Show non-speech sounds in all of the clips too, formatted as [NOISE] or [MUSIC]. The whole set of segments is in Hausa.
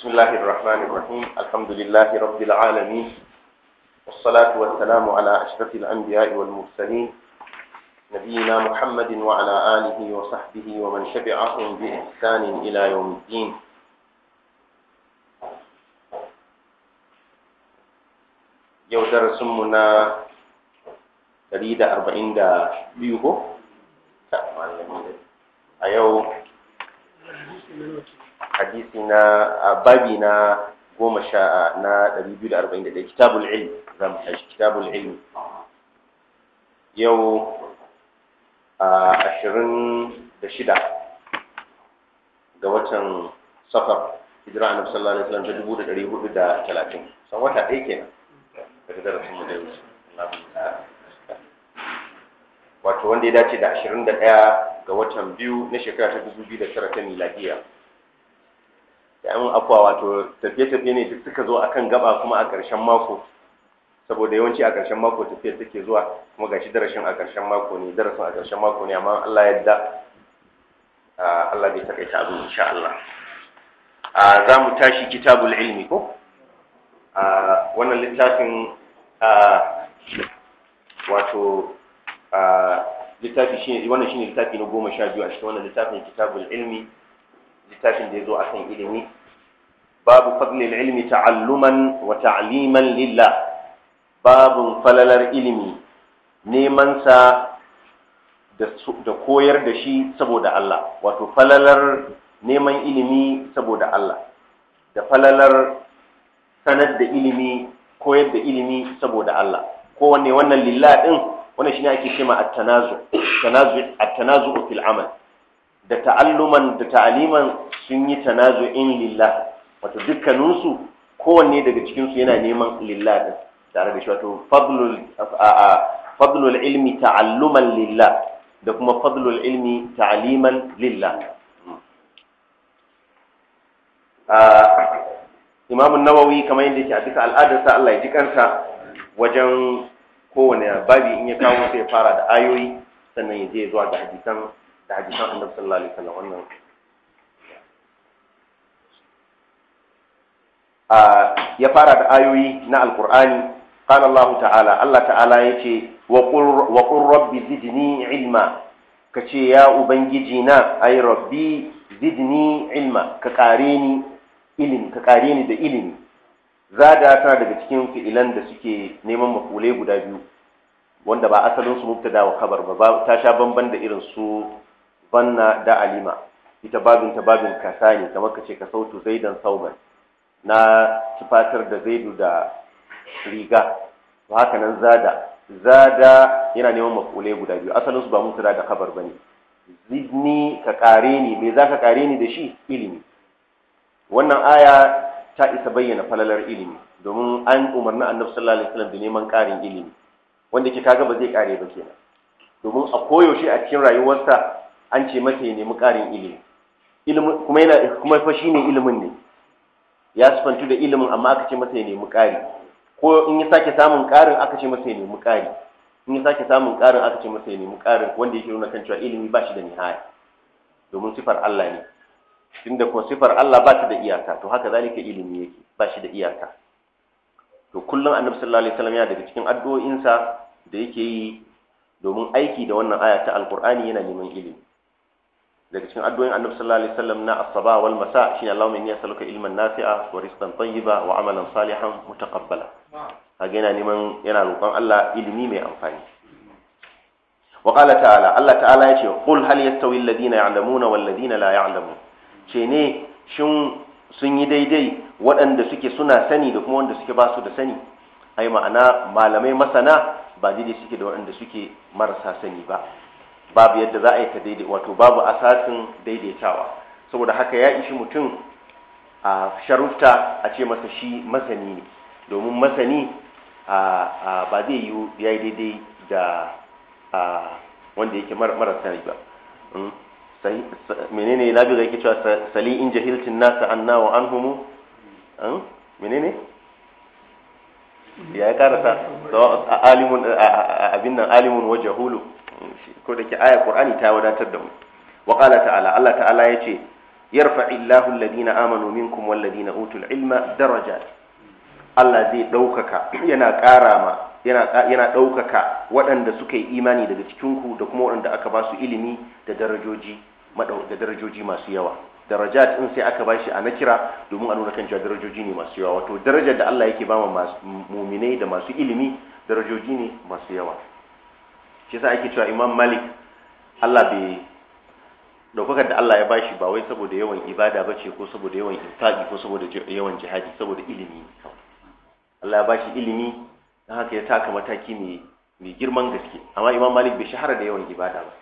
بسم الله الرحمن الرحيم الحمد لله رب العالمين والصلاة والسلام على أشرف الأنبياء والمرسلين نبينا محمد وعلى آله وصحبه ومن شبعهم بإحسان إلى يوم الدين أربعين darasinmu na 142 ko? a أيوه hadisi na babi na goma sha na ɗari biyu da arba'in da ɗaya kitabul ilmi za mu tashi kitabul ilmi yau ashirin da shida ga watan safar hijira annabi sallallahu alaihi wasallam ta dubu da ɗari hudu da talatin san wata ɗaya kenan daga darasin mu da yau wato wanda ya dace da ashirin da ɗaya ga watan biyu na shekara ta dubu biyu da tara ta miladiya yan afuwa wato tafiye-tafiye ne duk suka zo akan gaba kuma a ƙarshen mako saboda yawanci a ƙarshen mako tafiyar take zuwa kuma gashi darasin a ƙarshen mako ne darasin a ƙarshen mako ne amma Allah ya da, Allah bai takaita abu insha Allah za mu tashi kitabul ilmi ko wannan littafin wato littafi shi wannan shine littafi na goma sha biyu a cikin wannan littafin kitabul ilmi littafin da ya zo a kan ilimi babu fadlil ilmi ta'alluman wa ta'liman lillah babun falalar ilimi neman sa da koyar da shi saboda Allah wato falalar neman ilimi saboda Allah da falalar sanar da ilimi koyar da ilimi saboda Allah kowanne wannan lillah din wannan shine ake cewa at-tanazu at-tanazu at-tanazu fil amal da ta'alluman da ta'aliman sun yi tanazu'in lillah wato dukkaninsu kowanne daga cikinsu yana neman lillah da. tare da shi wato fadlul fadlul ilmi ta'alluman lillah da kuma fadlul ilmi ta'aliman lillah Imam Nawawi kamar yadda yake a duka al'adarsa Allah ya ji kansa wajen kowane babi in ya kawo sai ya fara da ayoyi sannan ya je zuwa ga hadisan da hadisan annabi sallallahu alaihi wasallam wannan ya fara da ayoyi na alqur'ani qala Allah ta'ala Allah ta'ala ya ce, qul wa rabbi zidni ilma kace ya ubangiji na ay rabbi zidni ilma ka kare ni ilimi ka kare ni da ilimi zada tana daga cikin fi'ilan da suke neman mafulai guda biyu wanda ba asalin su mubtada wa khabar ba ta sha bamban da irin su banna da alima ita babin ta babin kasa ne kamar ka ce ka sautu zaidan sauban na tufatar da zaidu da riga to haka nan zada zada yana neman makule guda biyu asalin su ba mun da kabar bane zidni ka kare ni me zaka kare ni da shi ilimi wannan aya ta isa bayyana falalar ilimi domin an umarni annabi sallallahu alaihi wasallam da neman karin ilimi wanda ke kaga ba zai kare ba kenan domin a koyaushe a cikin rayuwarsa an ce mata ya nemi ƙarin ilimi kuma yana kuma fa ne ilimin ne ya sufantu da ilimin amma aka ce mata ya nemi ƙari ko in ya sake samun ƙarin aka ce mata ya nemi ƙari in ya sake samun ƙarin aka ce mata ya nemi ƙarin wanda yake nuna kan cewa ilimi ba shi da nihaya domin sifar Allah ne tunda kuma sifar Allah ba ta da iyaka to haka zalika ilimi yake ba shi da iyaka to kullum annabi sallallahu alaihi wasallam yana daga cikin addu'o'insa da yake yi domin aiki da wannan aya ta alqur'ani yana neman ilimi daga cikin addu'o'in annabi sallallahu alaihi wasallam na as sabah wal masa shine Allahumma inni as'aluka ilman nafi'a wa rizqan tayyiba wa amalan salihan mutaqabbala kage yana neman yana roƙon Allah ilimi mai amfani wa qala ta'ala Allah ta'ala yace qul hal yastawi alladhina ya'lamuna wal ladina la ya'lamun ce ne shin sun yi daidai waɗanda suke suna sani da kuma wanda suke basu da sani ai ma'ana malamai masana ba daidai suke da waɗanda suke marasa sani ba babu yadda za a yi ta daidai wato babu asasin daidaitawa saboda haka ya ishi mutum a sharufta a ce masa shi masani ne domin masani ba zai yi ya yi daidai da wanda yake mara sani ba hmm? menene labi da yake cewa sali in jahiltin nasa nawa an anhumu hmm? menene ya yi karasa abin nan alimun wa jahulu ko da ke aya qur'ani ta wadatar da mu wa qala ta'ala Allah ta'ala yace illahu alladhina amanu minkum walladhina utul ilma darajat Allah zai daukaka yana ƙara yana yana daukaka waɗanda suka yi imani daga cikin ku da kuma waɗanda aka ba su ilimi da darajoji da darajoji masu yawa darajat in sai aka bashi a nakira domin a nuna kan cewa darajoji ne masu yawa wato darajar da Allah yake ba mu muminai da masu ilimi darajoji ne masu yawa shi yasa ake cewa imam malik Allah bai daukakar da Allah ya bashi ba wai saboda yawan ibada bace ko saboda yawan infaki ko saboda yawan jihadi saboda ilimi Allah ya bashi ilimi na haka ya taka mataki mai girman gaske amma imam malik bai shahara da yawan ibada ba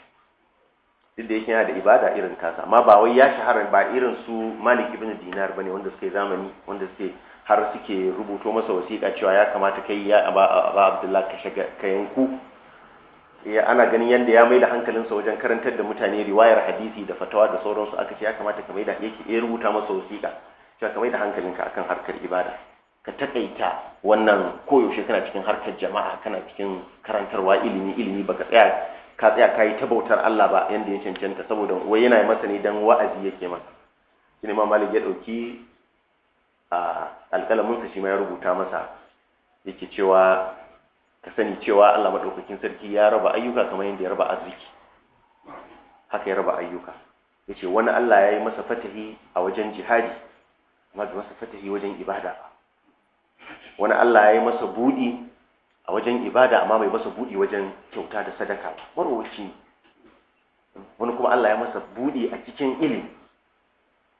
duk da yake yana da ibada irin kasa amma ba wai ya shahara ba irin su malik ibn dinar bane wanda suke zamani wanda suke har suke rubuto masa wasiƙa cewa ya kamata kai ya ba abdullahi ka yanku ya ana ganin yadda ya mai da hankalinsa wajen karantar da mutane riwayar hadisi da fatawa da sauransu aka ce ya kamata ka mai da yake ya rubuta masa wasiƙa cewa ka mai da hankalinka akan harkar ibada ka takaita wannan koyaushe kana cikin harkar jama'a kana cikin karantarwa ilimi ilimi baka tsaya ka tsaya ka yi ta bautar Allah ba yadda ya cancanta saboda wai yana masa ne dan wa'azi yake masa shine ma malik ya dauki a alƙalaminsa shi ma ya rubuta masa yake cewa ka sani cewa Allah madaukakin sarki ya raba ayyuka kamar yadda ya raba arziki haka ya raba ayyuka yace wani Allah ya yi masa fatahi a wajen jihadi amma ga masa fatahi wajen ibada wani Allah ya yi masa budi a wajen ibada amma bai masa budi wajen kyauta da sadaka ba marwaci wani kuma Allah ya masa budi a cikin ilimi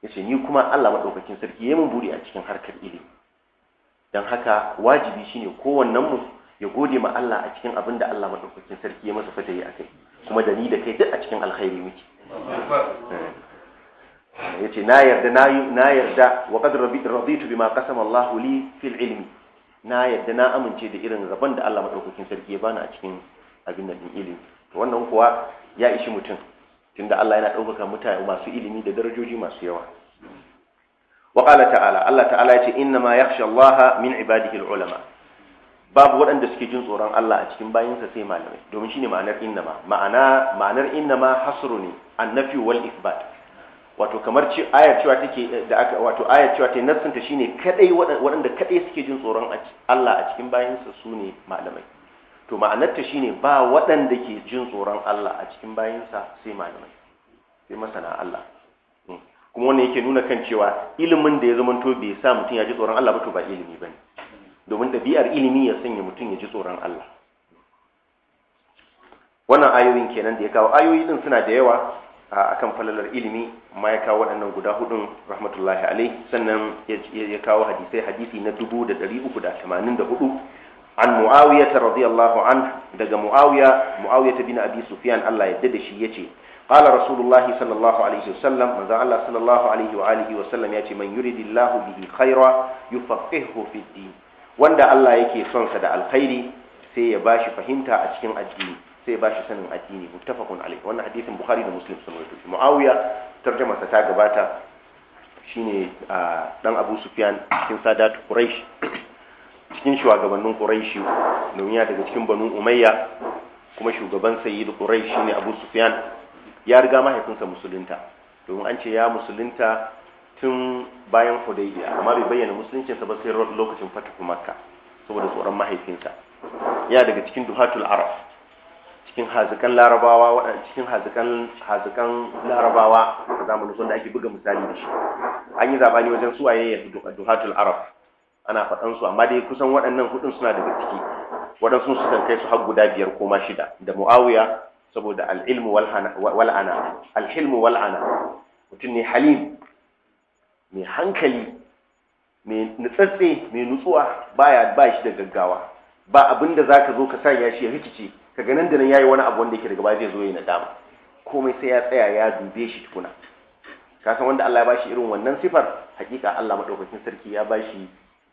yace ni kuma Allah madaukakin sarki ya yi min budi a cikin harkar ilimi dan haka wajibi shine kowannen mu ya gode ma Allah a cikin abin da Allah madaukakin sarki ya masa fata yi akai kuma da ni da kai duk a cikin alkhairi muke yace na yarda na yarda wa qad raditu bima qasama Allah li fil ilmi na yarda na amince da irin rabon da Allah madaukakin sarki ya bani a cikin abin da din ilimi to wannan kuwa ya ishi mutum tunda Allah yana ɗaukaka mutane masu ilimi da darajoji masu yawa wa ta'ala Allah ta'ala yace inna ma yakhsha Allah min ibadihi al-ulama babu waɗanda suke jin tsoron Allah a cikin bayinsa sai malamai domin shine ma'anar ma ma'ana ma'anar ma hasru ne annafi wal isbat wato kamar ce ayar cewa take eh, da aka wato ayar cewa ta nassin ta shine kadai waɗanda kadai suke jin tsoron Allah a cikin bayinsa sune malamai to ma'anar ta shine ba waɗanda ke jin tsoron Allah a cikin bayinsa sai malamai sai masana Allah hmm. kuma wannan yake nuna kan cewa ilimin da ya zama to bai sa mutum ya ji tsoron Allah ba to ba ilimi bane domin ɗabi'ar ilimi ya sanya mutum ya ji tsoron Allah wannan ayoyin kenan da ya kawo ayoyi din suna da yawa a kan falalar ilimi ma ya kawo waɗannan guda hudun rahmatullahi alai sannan ya kawo hadisai hadisi na dubu da da da ɗari uku tamanin hudu. an muawiya radiyallahu an daga muawiya muawiya bin abi sufyan Allah ya da shi yace قال رسول الله صلى الله عليه وسلم Allah sallallahu alaihi wa عليه وآله وسلم يأتي من يريد الله به خيرا يفقهه في wanda Allah yake son sa da alkhairi sai ya bashi fahimta a cikin addini sai ya bashi sanin addini muttafaqun alayhi wannan hadisin Bukhari da Muslim sun rawaito Muawiya tarjuma sa ta gabata shine dan Abu Sufyan cikin Sadat Quraish cikin shugabannin Quraish domin daga cikin Banu Umayya kuma shugaban Sayyid Quraish shine Abu Sufyan ya riga mahaifinsa musulunta domin an ce ya musulunta tun bayan hudaybiya amma bai bayyana musuluncinsa ba sai lokacin fatahu makka saboda tsoron mahaifinsa ya daga cikin duhatul araf cikin hazikan larabawa cikin hazikan hazikan larabawa a zamanin sun da ake buga misali da shi an yi zabani wajen suwaye ya duhatul araf ana faɗan su amma dai kusan waɗannan hudun suna daga ciki waɗansu su kan kai su har guda biyar ko ma shida da muawiya saboda al-ilmu wal ana al-hilmu wal ana mutum ne halim mai hankali mai nutsatse mai nutsuwa baya ba shi da gaggawa ba abin da zaka zo ka sa ya shi ya rikice ka nan da nan yayi wani abu wanda yake daga baya zai zo ya nadama komai sai ya tsaya ya dube shi tukuna Ka san wanda Allah ya bashi irin wannan sifar hakika Allah madaukakin sarki ya bashi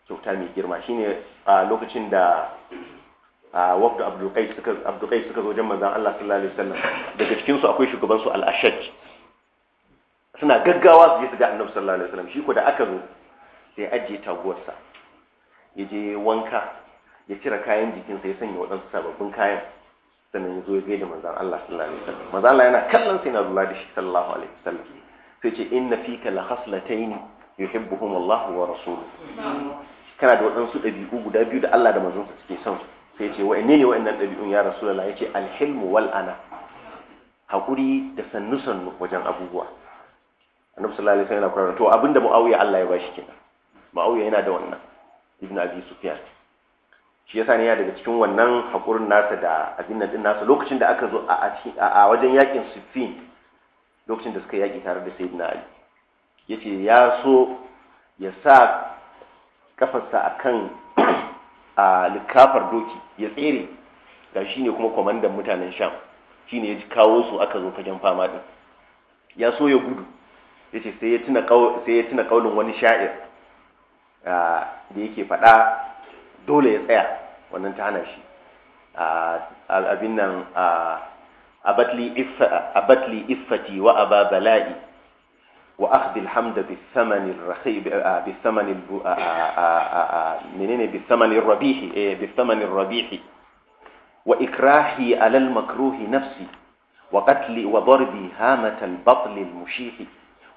kyauta mai girma shine a lokacin da wafdu Abdul suka abdulkai suka zo jan manzon Allah sallallahu alaihi wasallam daga cikin su akwai shugaban su al-ashaj suna gaggawa su je su ga annabi sallallahu alaihi wasallam shi ko da aka zo sai ajiye taguwarsa ya je wanka ya cire kayan jikinsa ya sanya waɗansu sababbin kayan sannan ya zo ya gaida manzon Allah sallallahu alaihi wasallam manzon Allah yana kallon sai na lura da shi sallallahu alaihi wasallam sai ce inna fika la khaslatayn yuhibbuhum Allah wa rasuluhu kana da waɗansu ɗabi'u guda biyu da Allah da manzon sa suke son sai ce wa'anne ne wa'annan ɗabi'un ya rasulullahi yace alhilmu wal ana hakuri da sannu sannu wajen abubuwa annabi sallallahu alaihi wasallam yana kula to abinda muawiya Allah ya bashi kenan muawiya yana da wannan ibn abi sufyan shi yasa ne ya daga cikin wannan hakurin nasa da abin nan din nasa lokacin da aka zo a wajen yakin sufyan lokacin da suka yaki tare da sayyidina ali yace ya so ya sa kafarsa akan a [CLEARS THROAT] likafar doki ya tsere ga shi ne kuma kwamandan mutanen sham shi ne ya kawo su aka zo fagen fama din ya so ya gudu yace sai ya tuna sai ya tuna kaulin wani sha'ir da yake fada dole ya tsaya wannan ta hana shi a abin nan a abatli abatli iffati wa aba bala'i wa akhdi alhamda bisamani rakhib bi menene bisamani rabihi bisamani rabihi wa ikrahi ala almakruhi nafsi wa qatli wa darbi hamata albatl almushih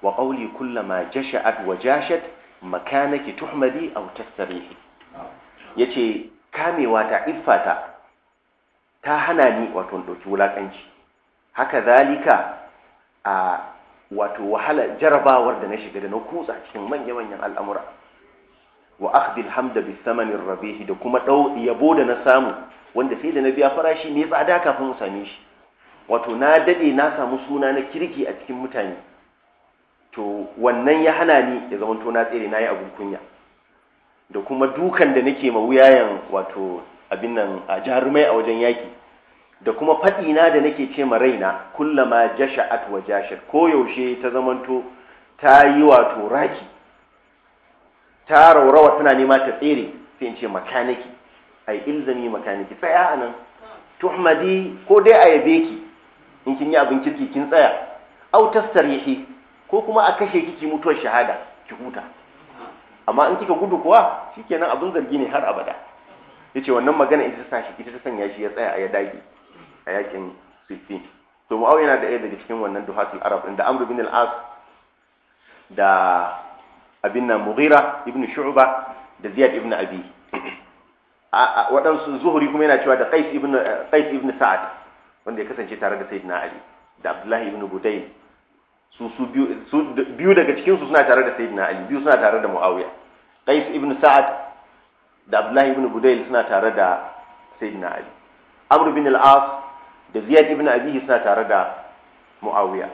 wa ƙauli kullama jasha'at wa jashat makanaki tuhmadi aw tasrihi yace kamewa ta iffata ta hana ni wato ɗauki wulakanci haka zalika a wato wahala jarabawar da na shiga da na kutsa cikin manya-manyan al'amura wa akhdil hamda bi thamanin rabihi da kuma dau yabo da na samu wanda sai da na biya farashi ne tsada kafin mu same shi wato na dade na samu suna na kirki a cikin mutane to wannan ya hana ni ya zamanto na tsere na yi abin kunya da kuma dukan da nake ma wuyayen wato abin nan a jarumai a wajen yaki da kuma faɗina da nake ce ma raina kullama jasha'at wa jashir ko yaushe ta zamanto ta yi wato raki ta raurawa tana nema ta tsere sai in ce makaniki ai ilzami makaniki tsaya anan tuhmadi ko dai a yabe ki in kin yi abin kirki kin tsaya au tastarihi ko kuma a kashe kiki mutuwar shahada ki huta amma in kika gudu kuwa shikenan abin zargi ne har abada yace wannan magana ita ta shi ita ta sanya shi ya tsaya a ya dage a yakin sifi to mu yana da ɗaya daga cikin wannan duhatul arab inda amr bin al-as da abin nan mughira ibn shu'ba da ziyad ibn abi waɗansu zuhuri kuma yana cewa da qais ibn qais ibn sa'ad wanda ya kasance tare da sayyidina ali da abdullahi ibn budayl su su biyu daga cikin su suna tare da sayyidina ali biyu suna tare da muawiya qais ibn sa'ad da abdullahi ibn budayl suna tare da sayyidina ali amr bin al-as da ziyad ibn abi suna tare da muawiya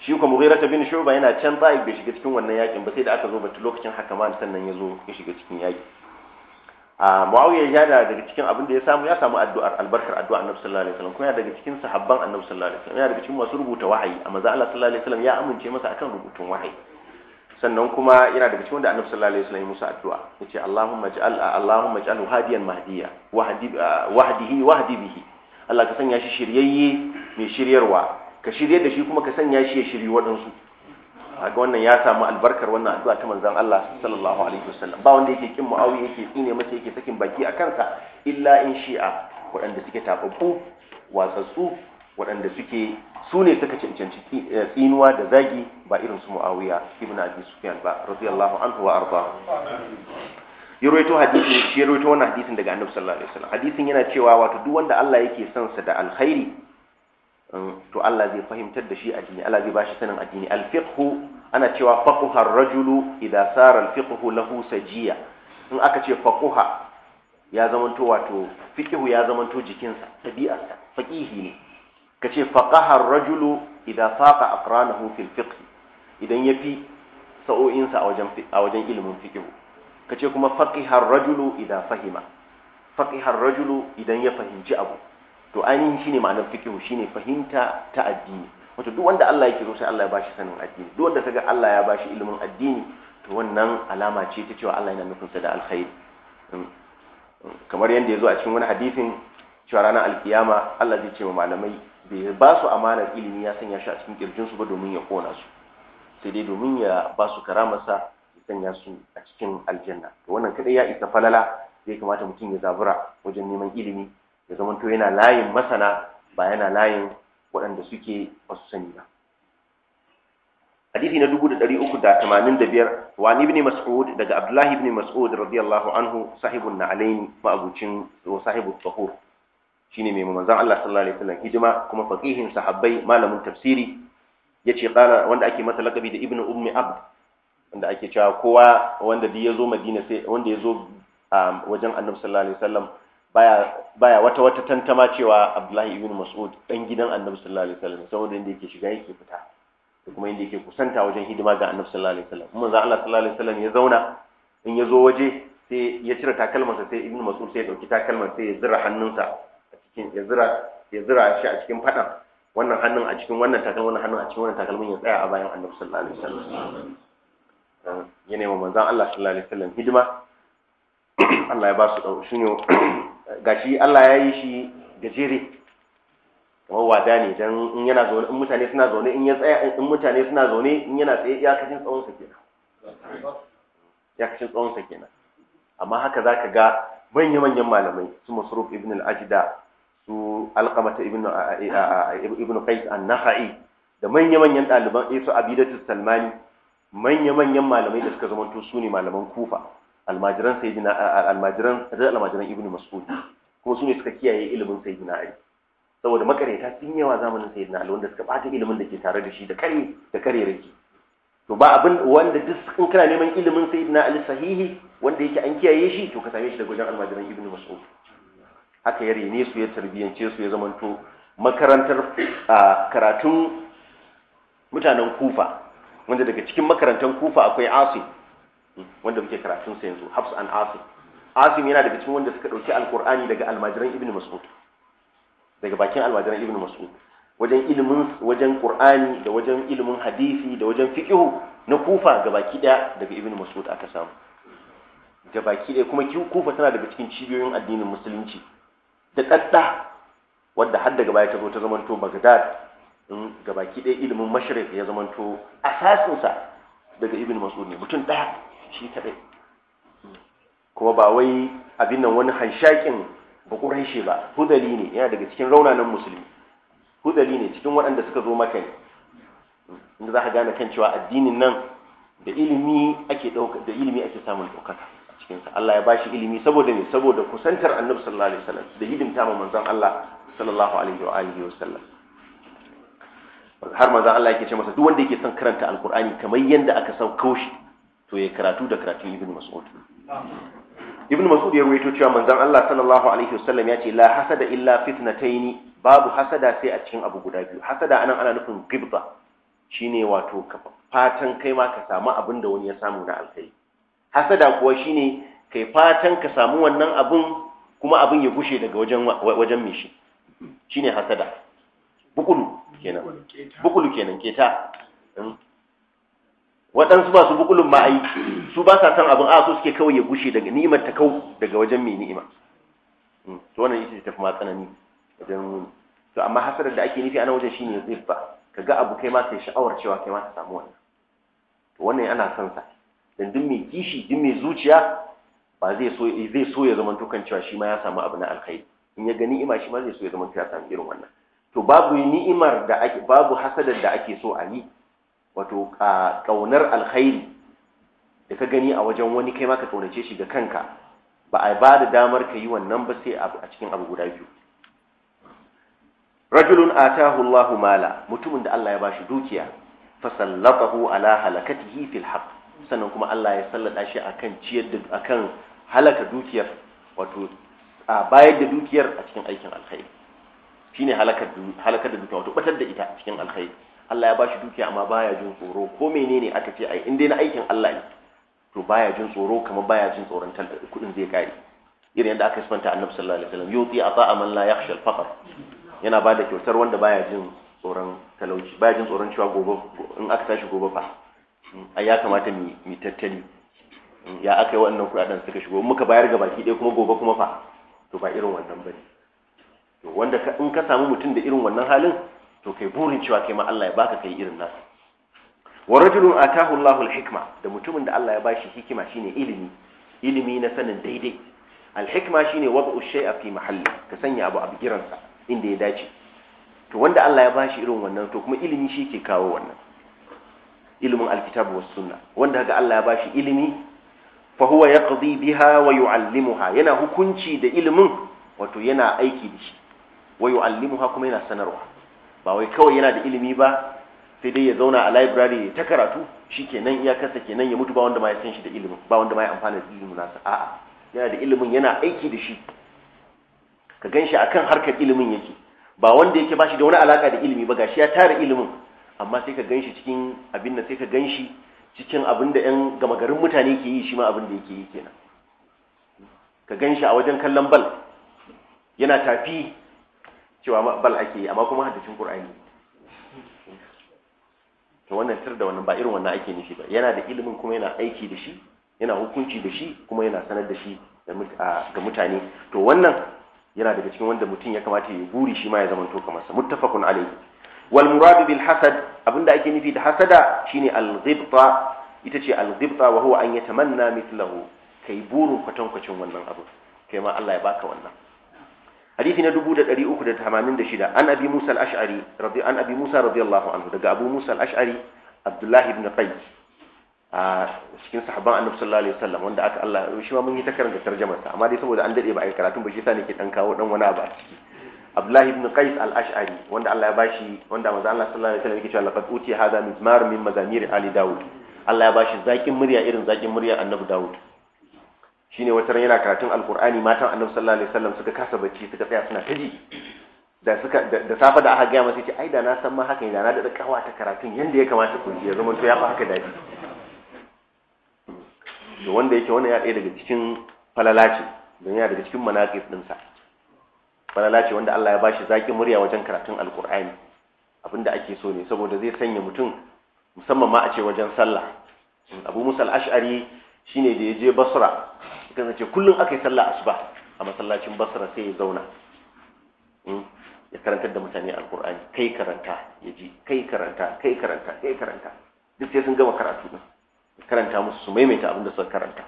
shi kuma mughira bin shuba yana can ta'ib bai shiga cikin wannan yakin ba sai da aka zo ba lokacin hakaman sannan ya zo ya shiga cikin yakin a ah, muawiya ya da daga cikin abin da ya samu ya samu addu'ar albarkar addu'a annabi sallallahu alaihi wasallam kuma ya daga cikin sahabban annabi sallallahu alaihi wasallam ya daga cikin masu rubuta wahayi amma za Allah sallallahu alaihi wasallam ya amince masa akan rubutun wahayi sannan kuma yana daga cikin wanda annabi sallallahu alaihi wasallam ya musu addu'a yace Allahumma ij'al Allahumma ij'al hadiyan mahdiya wahdi ah, wahdihi wahdi bihi Allah ka sanya shi shiryayye mai shiryarwa ka shirye da shi kuma ka sanya shi ya shiryi waɗansu kaga wannan ya samu albarkar wannan addu'a ta manzon Allah sallallahu alaihi wasallam ba wanda yake kin muawiya yake tsine mace yake sakin baki a kansa illa in shi'a waɗanda suke tababbu watsatsu waɗanda suke su ne suka cancanci eh, tsinuwa da zagi ba irin su muawiya ibn abi sufyan ba radiyallahu anhu wa arda ya hadisi shi wannan hadisin daga annabi sallallahu alaihi wasallam hadisin yana cewa wato duk wanda Allah yake son sa da alkhairi to Allah zai fahimtar da shi addini Allah zai bashi sanin addini al-fiqhu ana cewa faquha ar-rajulu idza sara al-fiqhu lahu sajiya in aka ce faquha ya zamanto wato fiqhu ya zamanto jikinsa tabi'arsa faqihi ne kace faqaha ar-rajulu idza faqa aqranahu fil fiqh idan yafi sa'o'insa a wajen a wajen ilimin fiqhu kace kuma faqiha ar-rajulu idza fahima faqiha ar-rajulu idan ya fahimci abu to ainihin shine ma'anar fiqhu shine fahimta ta addini wato duk wanda Allah yake so sai Allah ya bashi sanin addini duk wanda kaga Allah ya bashi ilimin addini to wannan alama ce ta cewa Allah yana nufin sa da alkhairi mm. kamar yadda ya zo a cikin wani hadisin cewa ranar alkiyama Allah zai ce wa malamai bai ba su amanar ilimi ya sanya shi a cikin kirjin su ba domin ya kona su sai dai domin ya ba su karamarsa ya sanya su a cikin aljanna to wannan kadai ya isa falala zai kamata mutum ya zabura wajen neman ilimi ya zama to yana layin masana ba yana layin waɗanda suke ba su sani ba hadisi na dubu da ɗari uku da tamanin da biyar wa ni ibn mas'ud daga abdullahi ibn mas'ud radiyallahu anhu sahibun na alaini ma'abucin wa sahibu tahur shine mai manzon Allah sallallahu alaihi wasallam hijima kuma faqihin sahabbai malamin tafsiri yace qala wanda ake masa lakabi da ibnu ummi abd wanda ake cewa kowa wanda ya yazo madina sai wanda yazo um, wajen annabi sallallahu alaihi wasallam baya wata wata tantama cewa Abdullahi ibn Mas'ud dan gidan Annabi sallallahu alaihi wasallam saboda inda yake shiga yake fita da kuma inda yake kusanta wajen hidima ga Annabi sallallahu alaihi wasallam manzo Allah sallallahu alaihi wasallam ya zauna in ya zo waje sai ya cire takalmarsa sai ibn Mas'ud sai ya dauki takalmar sai ya zira hannunsa a cikin ya zira ya zira shi a cikin fadan wannan hannun a cikin wannan takalmin wannan hannun a cikin wannan takalmin ya tsaya a bayan Annabi sallallahu alaihi wasallam ya nemi manzon Allah sallallahu alaihi wasallam hidima Allah ya ba su dau shine gashi Allah ya yi shi gajere kamar wada ne dan in yana zaune in mutane suna zaune in ya tsaya in mutane suna zaune in yana tsaye ya kashin tsawon sa kenan ya kashin tsawon sa kenan amma haka zaka ga manyan manyan malamai su Masruf ibn al-Ajda su Alqamata ibn ibn Qais an-Nakhai da manya manyan ɗaliban Isa eh, Abidatu Salmani manya manyan malamai da suka zamanto su ne malaman Kufa almajiran sayyidina almajiran da almajiran ibnu mas'ud kuma su ne suka kiyaye ilimin sayyidina ali saboda makareta sun yawa zamanin sayyidina ali wanda suka bata ilimin da ke tare da shi da kare da kare to ba abin wanda duk in kana neman ilimin sayyidina ali sahihi wanda yake an kiyaye shi to ka same shi da gojan almajiran ibnu mas'ud haka ya ne su ya tarbiyance su ya zamanto makarantar karatun mutanen kufa wanda daga cikin makarantar kufa akwai asi wanda muke karatun sa yanzu Hafs an Asim Asim yana daga cikin wanda suka dauki alqur'ani daga almajiran Ibn Mas'ud daga bakin almajiran Ibn Mas'ud wajen ilimin wajen qur'ani da wajen ilimin hadisi da wajen fiqh na Kufa gabaki daya daga Ibn Mas'ud aka samu gabaki daya kuma Kufa tana daga cikin cibiyoyin addinin musulunci da dadda wadda har daga baya ta zo ta zamanto Baghdad gabaki daya ilimin mashriq ya zamanto asasinsa daga Ibn Mas'ud ne mutum ɗaya. shi kadai kuma ba wai abin nan wani hanshakin ba shi ba hudali ne yana daga cikin raunanan musulmi hudali ne cikin waɗanda suka zo maka ne inda za ka gane kan cewa addinin nan da ilimi ake ɗauka da ilimi ake samun ɗaukaka cikin sa Allah ya bashi ilimi saboda ne saboda kusantar Annabi sallallahu alaihi wasallam da hidimta ma manzon Allah sallallahu alaihi wa alihi wasallam har manzon Allah yake ce masa duk wanda yake son karanta alkur'ani kamar yanda aka saukaushi to ya karatu da karatun ibn mas'ud ibn mas'ud ya ruwaito cewa manzon Allah sallallahu alaihi wasallam ya ce la hasada illa fitnataini babu hasada sai a cikin abu guda biyu hasada anan ana nufin gibba shine wato fatan kai ma ka samu abin da wani ya samu na alkai hasada kuwa shine kai fatan ka samu wannan abin kuma abin ya gushe daga wajen wajen me shi shine hasada bukulu kenan bukulu kenan keta hmm. waɗansu masu bukulun ma ai su ba sa san abin a su suke kawai ya gushe daga ni'imar ta kau daga wajen mai ni'ima hmm, to wannan ita tafi ma tsanani wajen muni to amma hasarar da ake nufi a nan wajen shine zibba kaga abu kai ma sai sha'awar cewa kai ma ka samu wannan to wannan ana son sa dan duk mai kishi duk mai zuciya ba zai so zai so ya zama to kan cewa shi ma ya samu abu na alkhairi in ya ga ni'ima shi ma zai so ya zama ya samu irin wannan to babu ni'imar da ake babu hasadar da ake so a yi wato ƙaunar alkhairi da ka gani a wajen wani kai ma ka kaunace shi ga kanka ba a ba da damar ka yi wannan ba sai a cikin abu guda biyu rajulun atahu Allahu mala mutumin da Allah ya bashi dukiya sallatahu ala halakatihi fil haqq sannan kuma Allah ya sallada shi akan ciyar da akan halaka dukiyar wato a bayar da dukiyar a cikin aikin alkhairi shine halakar halakar da dukiya wato batar da ita cikin alkhairi Allah ya bashi dukiya amma baya jin tsoro ko menene aka ce ai in dai na aikin Allah ne to baya jin tsoro kamar baya jin tsoron kudin zai kare irin yadda aka sifanta annabi sallallahu alaihi wasallam yuti ata'a man la yakhsha al-faqr yana bada kyautar wanda baya jin tsoron talauci baya jin tsoron cewa gobe in aka tashi gobe fa ai ya kamata mu tattali ya aka yi wannan kudaden suka shigo muka bayar ga baki ɗaya kuma gobe kuma fa to ba irin wannan bane to wanda in ka samu mutum da irin wannan halin to kai burin cewa kai ma Allah ya baka kai irin nasu wa rajulun atahu Allahu al-hikma da mutumin da Allah ya bashi hikima shine ilimi ilimi na sanin daidai al-hikma shine wad'u shay'a fi mahalli ka sanya abu a sa inda ya dace to wanda Allah ya bashi irin wannan to kuma ilimi shi ke kawo wannan ilimin alkitabu was sunna wanda kaga Allah ya bashi ilimi fa huwa yaqdi biha wa yu'allimuha yana hukunci da ilimin wato yana aiki da shi wa yu'allimuha kuma yana sanarwa ba wai kawai yana da ilimi ba sai dai ya zauna a library ta karatu shi kasa iyakarsa kenan ya mutu ba wanda ma ya san shi da ilimin ba wanda ma ya amfana da ilimin nasa a'a yana da ilimin yana aiki da shi ka ganshi akan harkar ilimin yake ba wanda yake ba shi da wani alaka da ilimi ba gashi ya tara ilimin amma sai ka ganshi cikin abin da sai ka ganshi cikin abin da yan gama garin mutane ke yi shi ma abin da yake yi kenan ka ganshi a wajen kallon bal yana tafi cewa bal ake yi amma kuma haddacin qur'ani to wannan tar da wannan ba irin wannan ake nufi ba yana da ilimin kuma yana aiki da shi yana hukunci da shi kuma yana sanar da shi ga mutane to wannan yana daga cikin wanda mutum ya kamata ya buri shi ma ya zamanta kamar sa muttafaqun alayhi wal murad bil hasad abinda ake nufi da hasada shine al ghibta ita ce al ghibta wa huwa an yatamanna mithlahu kai burin kwatankwacin wannan abu kai ma Allah ya baka wannan hadisi na 386 an abi musa al-ash'ari radi an abi musa radiyallahu anhu daga abu musa al-ash'ari abdullahi ibn qais a cikin sahabban annabi sallallahu alaihi wasallam wanda aka Allah shi ma mun yi ta karanta tarjumar sa amma dai saboda an dade ba ai karatun ba shi yasa nake dan kawo dan wani abu a ciki abdullahi ibn qais al-ash'ari wanda Allah ya bashi wanda manzo Allah sallallahu alaihi wasallam yake cewa laqad uti hadha mizmar min mazamir ali daud Allah ya bashi zakin murya irin zakin murya annabi daud shine wata ran yana karatun alkur'ani matan annabi sallallahu alaihi wasallam suka kasa bacci suka tsaya suna taji da suka da safa da aka gaya masa yace ai da na san ma haka ne da na da kawa ta karatun yanda ya kamata ku ji ya zama to ya fa haka daji to wanda yake wannan ya ɗaya daga cikin falalaci don yana daga cikin manaqis dinsa falalaci wanda Allah ya bashi zaki murya wajen karatun alkur'ani abinda ake so ne saboda zai sanya mutum musamman ma a ce wajen sallah abu musa al-ash'ari shine da ya je basra kan ce kullum aka yi sallah asuba a masallacin basra sai ya zauna hmm? ya karantar da mutane alkur'ani kai karanta ya ji kai karanta kai karanta kai karanta duk sai sun gama karatu din karanta musu su maimaita abin da suka karanta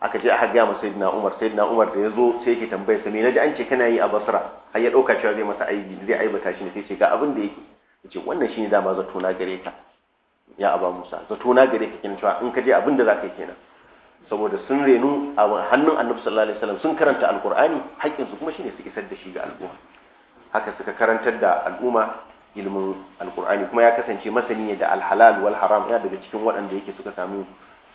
aka je aka gaya masa sayyidina Umar sayyidina Umar da yazo sai yake tambaye sa me naji an ce kana yi a Basra har ya dauka cewa zai masa aiki zai aibata shi ne sai ce ga abin da yake yace wannan shine dama zato na gare ka ya aba Musa zato na gare ka kin cewa in ka je abin da zaka yi kenan saboda sun renu a hannun annabi sallallahu alaihi wasallam sun karanta alqur'ani haƙƙin su kuma shine su isar da shi ga al'umma haka suka karantar da al'umma ilmin alqur'ani kuma ya kasance masani da alhalal wal haram ya daga cikin waɗanda yake suka samu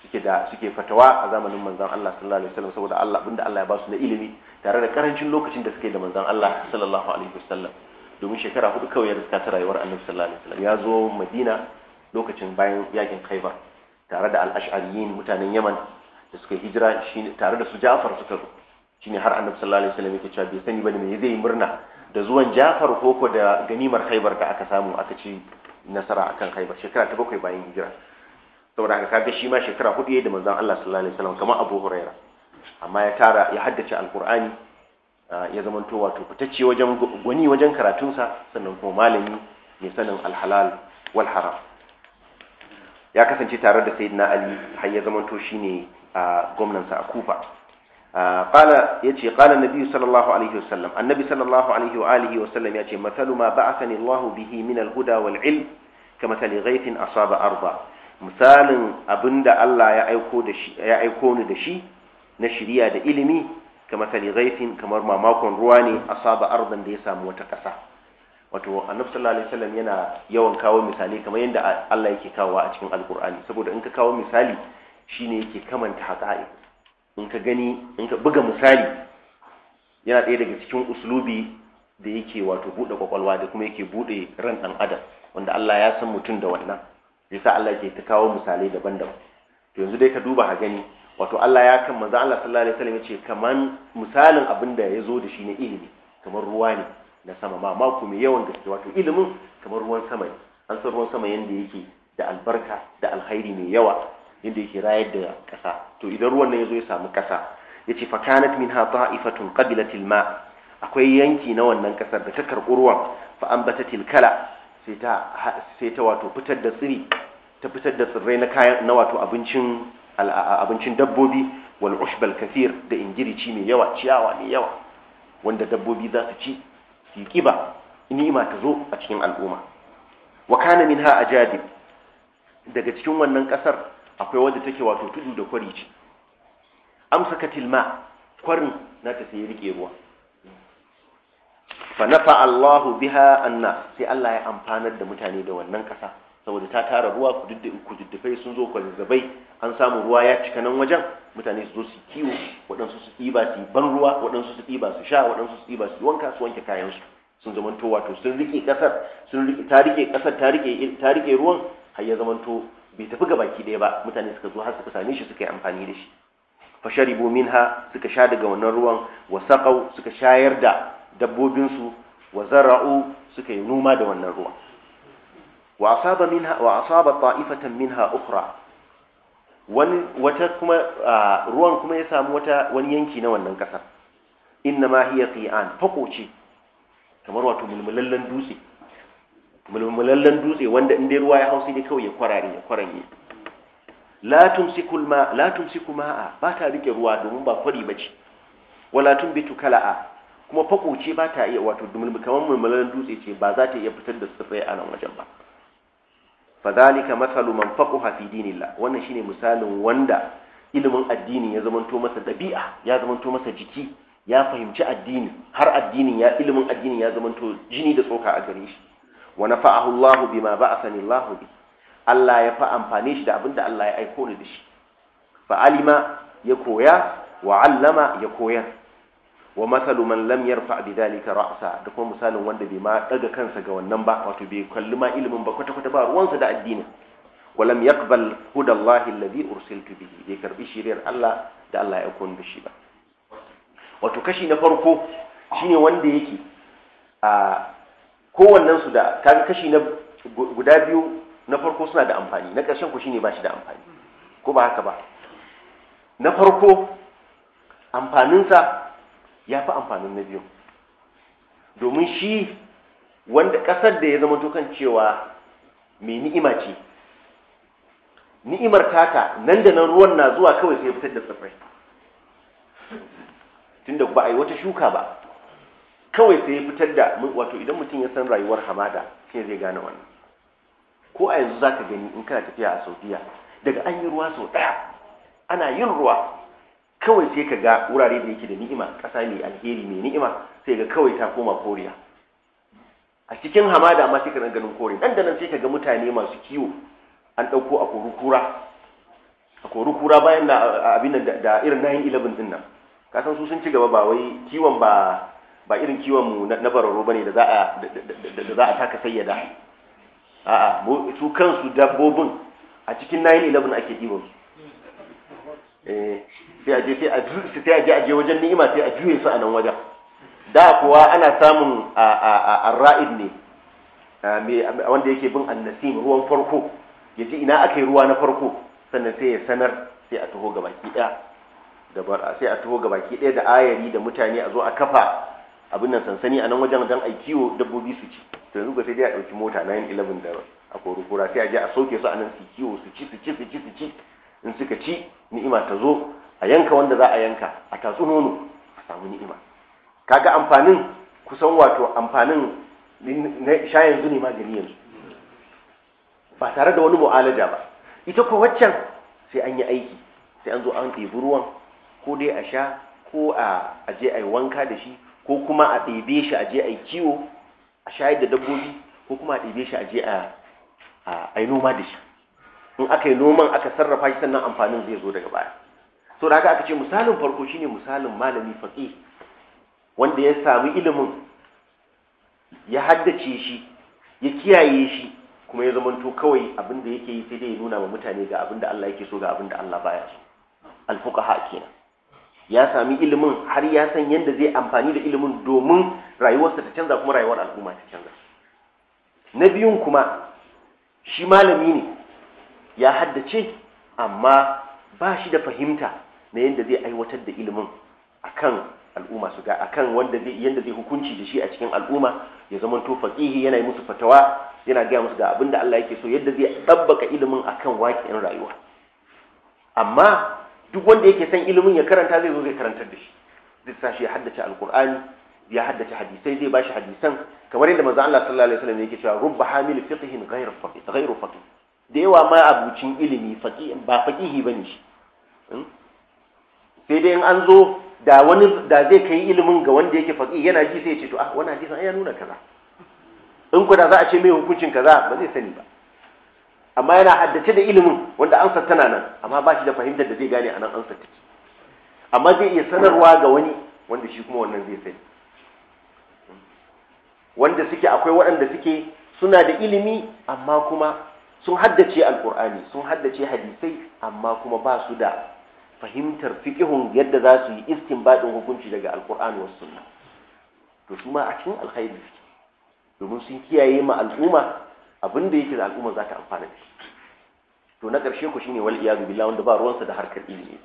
suke da suke fatawa a zamanin manzon Allah sallallahu alaihi wasallam saboda Allah abinda Allah ya ba su na ilimi tare da karancin lokacin da suke da manzon Allah sallallahu alaihi wasallam domin shekara hudu kawai ya riska ta rayuwar annabi sallallahu alaihi wasallam ya zo Madina lokacin bayan yakin Khaibar tare da al-Ash'ariyin mutanen Yaman da suka hijira shi tare da su Ja'far suka zo shine har Annabi sallallahu alaihi wasallam yake cewa bai sani bane me zai murna da zuwan Ja'far ko da ganimar Khaibar da aka samu aka ci nasara akan Khaibar shekara ta bakwai bayan hijira saboda haka kaga shi ma shekara hudu yayin da manzon Allah sallallahu alaihi wasallam kamar Abu Huraira amma ya tara ya haddace Alqur'ani ya zamanto wato fitacce wajen gwani wajen karatunsa sannan kuma malami mai sanin alhalal wal haram ya kasance tare da sayyidina Ali har ya zamanto shine gwamnansa a kufa qala yace qala nabi sallallahu alaihi wasallam annabi sallallahu alaihi wa alihi wasallam ce, mathalu ma ba'athani Allah bihi min al-huda wal ilm kama tali ghaythin asaba arba. misalin abinda Allah ya aiko da shi ya aiko ni da shi na shiriya da ilimi ka tali ghaifin kamar mamakon ruwa ne asaba arban da ya samu wata ƙasa. wato annabi sallallahu alaihi wasallam yana yawan kawo misali kamar yadda Allah yake kawo a cikin alkur'ani saboda in ka kawo misali shine yake kamanta haqa'iq in ka gani in ka buga misali yana ɗaya daga cikin uslubi da yake wato buɗe kwakwalwa da kuma yake buɗe ran ɗan adam wanda Allah ya san mutum da wannan yasa Allah ke ta kawo misalai daban-daban to yanzu dai ka duba ka gani wato Allah ya kan manzo Allah sallallahu alaihi wasallam yace kaman misalin abin da ya zo da shi ne ilimi kamar ruwa ne na sama ma mako mai yawan gaske wato ilimin kamar ruwan sama ne an san ruwan sama yanda yake da albarka da alkhairi mai yawa yadda yake rayar da ƙasa to idan ruwan nan ya zo ya samu ƙasa ya ce fakanat min ha ta'ifatun qabilatil ma akwai yanki na wannan ƙasar da ta karɓi ruwan fa ambatatil kala sai ta sai ta wato fitar da tsiri ta fitar da tsirrai na kayan na wato abincin abincin dabbobi wal ushbal kathir da ingirici mai yawa ciyawa mai yawa wanda dabbobi za su ci su yi kiba ni'ima ta zo a cikin al'umma wa kana ha ajadib daga cikin wannan ƙasar akwai wanda take wato tudu da kwari ce amsa katilma kwarin na ta sai rike ruwa fa nafa Allahu biha anna sai Allah ya amfanar da mutane da wannan kasa saboda ta tara ruwa kududdufai sun zo kwazazzabai an samu ruwa ya cika nan wajen mutane su zo su kiwo waɗansu su ɗiba su ban ruwa waɗansu su ɗiba su sha waɗansu su ɗiba su wanka su wanke kayansu sun zamanto wato sun riƙe ƙasar sun ta riƙe kasar ta riƙe ruwan har ya zamanto bai tafi ga baki ɗaya ba mutane suka zo har suka same shi suka yi amfani da shi fa sharibu minha suka sha daga wannan ruwan wa saqau suka shayar da dabbobinsu wa zara'u suka yi noma da wannan ruwa wa asaba minha wa asaba ta'ifatan minha ukhra wani wata kuma ruwan kuma ya samu wata wani yanki na wannan kasar inna ma hiya qi'an fako ce kamar wato mulmulallen dutse mulmulallan dutse wanda in dai ruwa ya hausa dai kawai ya kwarare ya kwaranye la tumsiku ma la tumsiku ma'a ba ta rike ruwa domin ba kwari bace wala tumbitu kala'a kuma fakoce ba ta iya wato kamar mulmulallan dutse ce ba za ta iya fitar da tsirrai a nan wajen ba fadhalika mathalu man faqaha fi dinillah wannan shine misalin wanda ilimin addini ya zamanto masa dabi'a ya zamanto masa jiki ya fahimci addini har addinin ya ilimin addini ya zamanto jini da tsoka a gare shi wa nafa'ahu Allah bima ba'athani Allah bi Allah ya fa amfane shi da abinda Allah ya aiko ni da shi fa alima ya koya wa allama ya koyar wa masalu man lam yarfa bidhalika ra'sa da kuma misalin wanda bai ma daga kansa ga wannan ba wato bai kalli ma ilimin ba kwata kwata ba ruwansa da addinin wa lam yaqbal huda Allah alladhi ursiltu bihi bai karbi shiriyar Allah da Allah ya aiko ni da shi ba wato kashi na farko shine wanda yake a kowannen su da kaga kashi na guda biyu na farko suna da amfani na ƙarshen ku shine ba shi da amfani ko ba haka ba na farko amfaninsa ya fi amfanin na biyu domin shi wanda ƙasar da ya zama tokan cewa mai ni'ima ce ni'imar taka nan da nan ruwan na zuwa kawai sai fitar da tsirrai tunda ba a yi wata shuka ba kawai sai ya fitar da wato idan mutum ya san rayuwar hamada sai zai gane wannan ko a yanzu za ka gani in kana tafiya a saudiya daga an yi ruwa sau ɗaya ana yin ruwa kawai sai ka ga wurare da yake da ni'ima ƙasa mai alheri mai ni'ima sai ga kawai ta koma koriya a cikin hamada ma sai ka ganin kore dan da nan sai ka ga mutane masu kiwo an ɗauko a korukura a korukura bayan da abin da irin 9-11 ɗin nan kasan su sun ci gaba ba wai kiwon ba ba irin kiwon mu na bararo bane da za a da za a taka sayyada a'a su kansu dabbobin a cikin 911 ake kiwon su eh sai a je sai a sai a je a je wajen ni'ima sai a juye su a nan wajen da kuwa ana samun a a a ne wanda yake bin annasim ruwan farko ya ji ina aka yi ruwa na farko sannan sai ya sanar sai a taho gabaki daya da sai a taho gabaki daya da ayari da mutane a zo a kafa abin nan sansani a nan wajen dan a kiwo dabbobi su ci to yanzu ga sai dai a dauki mota 911 da a korukura sai a je a sauke su a nan su kiwo su ci su ci su ci su ci in suka ci ni'ima ta zo a yanka wanda za a yanka a tatsu nono a samu ni'ima kaga amfanin kusan wato amfanin na sha yanzu ne magani yanzu ba tare da wani mu'alaja ba ita ko waccan sai an yi aiki sai an zo an ɗebi ruwan ko dai a sha ko a je a yi wanka da shi ko kuma a ɗebe shi a je a yi kiwo a shayar da dabbobi ko kuma a ɗebe shi a je a yi noma da shi in aka yi noman aka sarrafa shi sannan amfanin zai zo daga baya so da haka aka ce misalin farko shine misalin malami faƙi wanda ya sami ilimin ya haddace shi ya kiyaye shi kuma ya zamanto kawai abin da yake yi sai dai ya nuna wa mutane ga abinda da Allah yake so ga abin da Allah baya so alfuqaha kenan ya sami ilimin har ya san yadda zai amfani da ilimin domin rayuwarsa ta canza kuma rayuwar al'umma ta canza na biyun kuma shi malami ne ya haddace amma ba shi da fahimta na yadda zai aiwatar da ilimin akan al'umma su ga akan wanda yadda zai hukunci da shi a cikin al'umma ya zama to faƙihi yana yi musu fatawa yana gaya musu ga abin da Allah yake so yadda zai dabbaka ilimin akan waƙi'in rayuwa amma duk wanda yake san ilimin ya karanta zai zo zai karantar da shi zai sa shi ya haddace alqur'ani ya haddace hadisai zai bashi hadisan kamar yadda manzo Allah sallallahu alaihi wasallam yake cewa rubba hamil fiqhin ghayr faqih ghayr faqih da yawa ma abucin ilimi faqih ba faqihi bane shi hmm? sai dai in an zo da wani da zai kai ilimin ga wanda yake faqih yana ji sai ya ce to ah wannan hadisin ai ya nuna kaza in ku da za a ce mai hukuncin kaza ba zai sani ba amma yana haddace da ilimin wanda ansa tana nan amma ba shi da fahimtar da zai gane a nan ansa take amma zai iya sanarwa ga wani wanda shi kuma wannan zai sani wanda suke akwai waɗanda suke suna da ilimi amma kuma sun haddace alkur'ani sun haddace hadisai amma kuma ba su da fahimtar fiƙihun yadda za su yi iskin baɗin hukunci daga alkur'ani wasu sunna to su ma a cikin alkhairi domin sun kiyaye ma al'umma abin da yake da al'umma za ta amfana da shi to na ƙarshe ku shine wal iyadu billah wanda ba ruwansa da harkar ilimi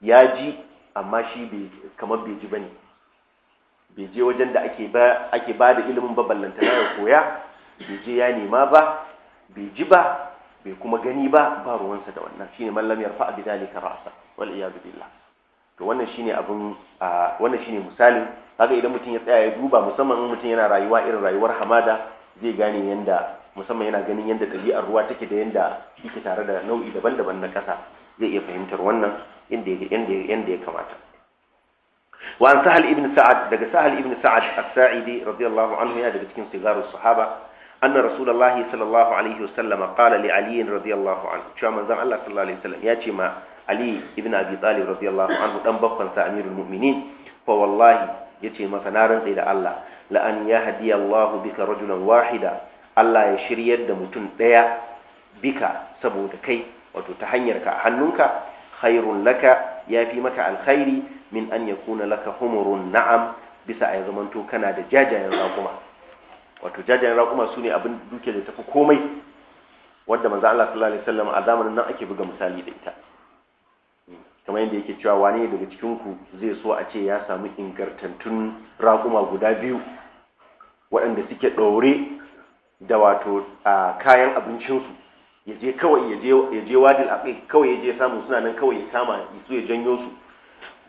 ya ji amma shi bai kamar bai ji bane bai je wajen da ake ba ake ba da ilimin ba ballantana ya koya bai je ya nema ba bai ji ba bai kuma gani ba ba ruwansa da wannan shine mallam ya fa'a bidalika ra'sa wal iyadu billah to wannan shine abin wannan shine misalin kaga idan mutum ya tsaya ya duba musamman in mutum yana rayuwa irin rayuwar hamada zai gane yanda musamman yana ganin yanda ɗabi'ar ruwa take da yanda yake tare da nau'i daban-daban na ƙasa zai iya fahimtar wannan yanda ya kamata wa an sahal ibn sa'ad daga sahal ibn sa'ad as-sa'idi radiyallahu anhu yana daga cikin sigaru sahaba anna rasulullahi sallallahu alaihi wasallam qala li ali radiyallahu anhu cewa manzon Allah sallallahu alaihi wasallam ya ce ma ali ibn abi talib radiyallahu anhu dan bakkan sa amirul mu'minin fa wallahi yace masa na rantse da Allah la an yahdi Allah bika rajulan wahida Allah ya shiryar da mutum daya bika saboda kai wato ta hanyar ka a hannunka khairun laka yafi maka alkhairi min an yakuna laka humurun na'am bisa a zamanto kana da jajayen raƙuma wato jajayen raƙuma sune abin duke da tafi komai wanda manzo Allah sallallahu alaihi wasallam a zamanin nan ake buga misali da ita kamar yadda yake cewa wani daga cikin ku zai so a ce ya samu ingantattun raƙuma guda biyu waɗanda suke ɗaure da wato kayan abincinsu ya je kawai ya je wadil a kawai ya je samun suna nan kawai ya kama su ya janyo su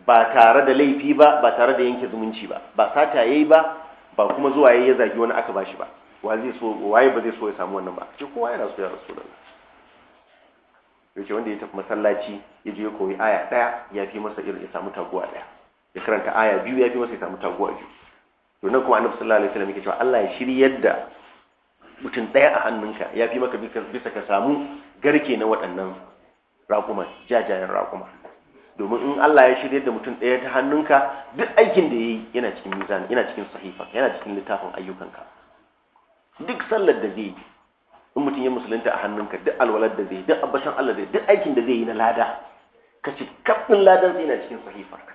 ba tare da laifi ba ba tare da yanke zumunci ba ba sata yayi ba ba kuma zuwa yayi ya zagi wani aka bashi ba wa zai so waye ba zai so ya samu wannan ba ce kowa yana so ya rasu da yace wanda ya tafi masallaci ya je koyi aya daya ya fi masa irin ya samu taguwa daya ya karanta aya biyu ya fi masa ya samu taguwa biyu to nan kuma annabi sallallahu alaihi wasallam yake cewa Allah ya shiryar da mutum daya a hannunka ya fi maka bisa ka samu garke na waɗannan raƙuma jajayen raƙuma domin in Allah ya shirya da mutum ɗaya ta hannunka duk aikin da ya yi yana cikin mizan yana cikin sahifa yana cikin littafin ayyukanka duk sallar da zai yi in mutum ya musulunta a hannunka duk alwalar da zai duk abbashin Allah da duk aikin da zai yi na lada ka ci kafin ladan sai yana cikin sahifar ka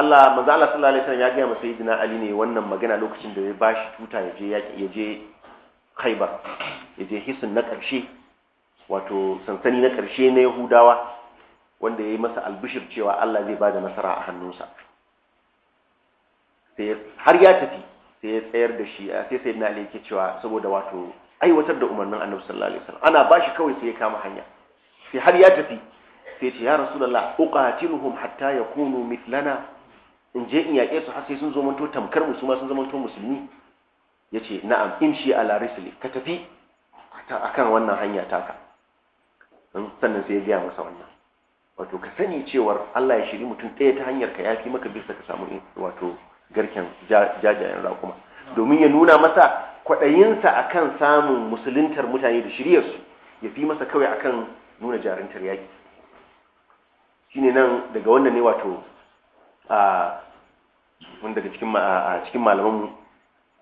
Allah manzo Allah sallallahu alaihi wasallam ya ga masa sayyidina Ali ne wannan magana lokacin da ya bashi tuta ya je ya je Khaibar ya je hisin na ƙarshe wato sansani na karshe na Yahudawa wanda ya yi masa albishir cewa Allah zai ba da nasara a hannunsa sai har ya tafi sai ya tsayar da shi a sai sai na aliki cewa saboda wato aiwatar da umarnin annabi sallallahu alaihi wasallam ana bashi kawai sai ya kama hanya sai har ya tafi sai ce ya rasulullah uqatiluhum hatta yakunu mithlana in je in yaƙe su har sai sun to tamkar mu su ma sun to musulmi yace na'am imshi ala rasuli ka tafi akan wannan hanya taka sannan sai ya gaya masa wannan wato ka sani cewar Allah ya shiri mutum ɗaya ta hanyar ka yafi maka bisa ka samu wato garken jajayen raƙuma domin ya nuna masa kwaɗayinsa a kan samun musuluntar mutane da su, ya fi masa kawai akan nuna jarintar yaƙi ne nan daga wannan ne wato a wanda cikin malaman malamanmu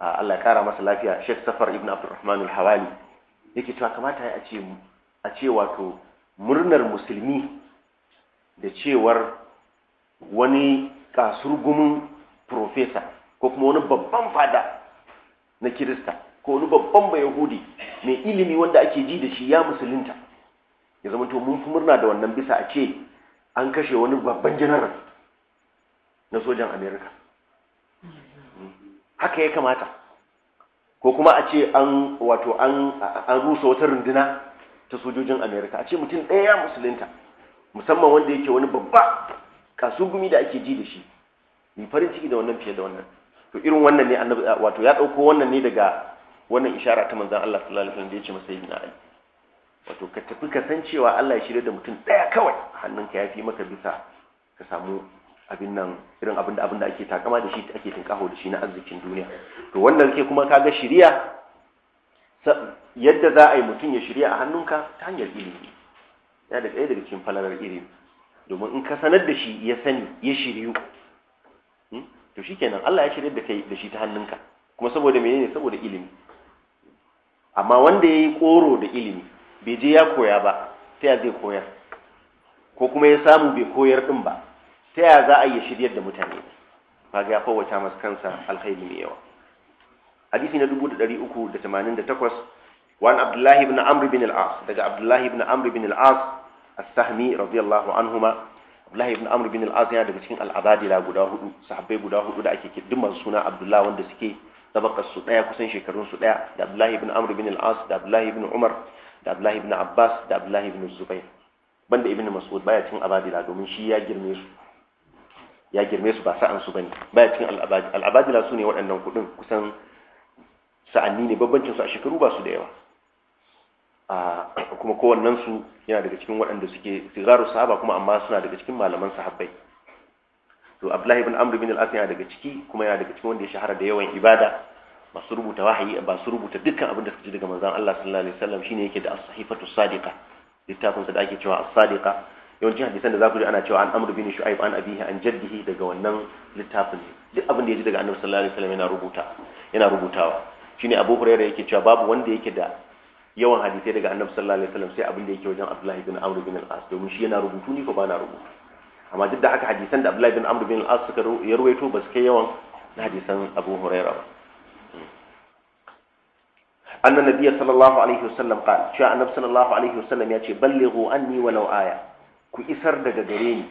Allah kara masa lafiya Sheikh Safar Ibn Abdulrahman Al-Hawali yake cewa kamata a ce wato murnar musulmi da cewar wani kasurgumin profesa ko kuma wani babban fada na kirista ko wani babban Yahudi mai ilimi wanda ake ji da shi ya musulunta ya zama to mun fi murna da wannan bisa a ce an kashe wani babban janaral na sojan amerika haka ya kamata ko kuma a ce an wato an rusa wata runduna ta sojojin amerika a ce mutum ɗaya ya musulunta musamman wanda yake wani babba kasugumi da ake ji da shi yi farin ciki da wannan fiye da wannan to irin wannan ne annabi wato ya dauko wannan ne daga wannan ishara ta manzon Allah sallallahu alaihi wasallam da ya ce masa yin na wato ka tafi ka san cewa Allah ya shirya da mutum daya kawai hannunka ya fi maka bisa ka samu abin nan irin abin da abin da ake takama da shi ake tinkaho da shi na arzikin duniya to wannan ke kuma kaga shiriya yadda za a yi mutum ya shirya a hannunka ta hanyar ilimi ya da ɗaya daga cikin falalar ilimi domin in ka sanar da shi ya sani ya shiryu Hmm? to shi kenan Allah ya shirye da kai da shi ta hannunka kuma saboda menene saboda ilimi amma wanda yayi koro da ilimi bai je ya koya ba ta ya zai koyar ko kuma ya samu bai koyar din ba ta ya za a yi shiryar da mutane ba ga ya wata masa kansa alkhairi mai yawa hadisi na 388 وعن Abdullahi ibn Amr ibn al-As daga Abdullahi ibn Amr ibn al-As as-Sahmi radiyallahu anhuma Abdullahi ibn Amr bin al-Az yana daga cikin al-Abadila guda hudu sahabbai guda hudu da ake kiddin masu suna Abdullah wanda suke tabakar su daya kusan shekarun su daya da Abdullahi ibn Amr bin al-As da Abdullahi ibn Umar da Abdullahi ibn Abbas da Abdullahi ibn Zubair banda ibn Mas'ud baya cikin Abadila domin shi ya girme su ya girme su ba sa'an su bane baya cikin al-Abadila su ne waɗannan hudun kusan sa'anni ne babbancin su a shekaru ba su da yawa kuma kowannensu yana daga cikin waɗanda suke sigaru sahaba kuma amma suna daga cikin malaman sahabbai to abdullahi ibn amr bin al-as yana daga ciki kuma yana daga cikin wanda ya shahara da yawan ibada masu rubuta wahayi ba su rubuta dukkan abin da suka ji daga manzon Allah sallallahu alaihi wasallam shine yake da as-sahifatu sadiqa littafin sa da ake cewa as-sadiqa yawancin hadisan da zaku ji ana cewa an amr bin shu'aib an abihi an jaddihi daga wannan littafin duk abin da ya ji daga annabi sallallahu alaihi wasallam yana rubuta yana rubutawa shine abu hurairah yake cewa babu wanda yake da yawan hadisai daga annabi sallallahu alaihi wasallam sai abin da yake wajen abdullahi bin amr bin al-as domin shi yana rubutu ni ko ba na rubutu amma duk da haka hadisan da abdullahi bin amr bin al-as suka ya ruwaito ba su kai yawan na hadisan abu huraira ba anna nabiyya sallallahu alaihi wasallam qala cewa annabi sallallahu alaihi wasallam ya ce ballighu anni walau aya ku isar daga gare ni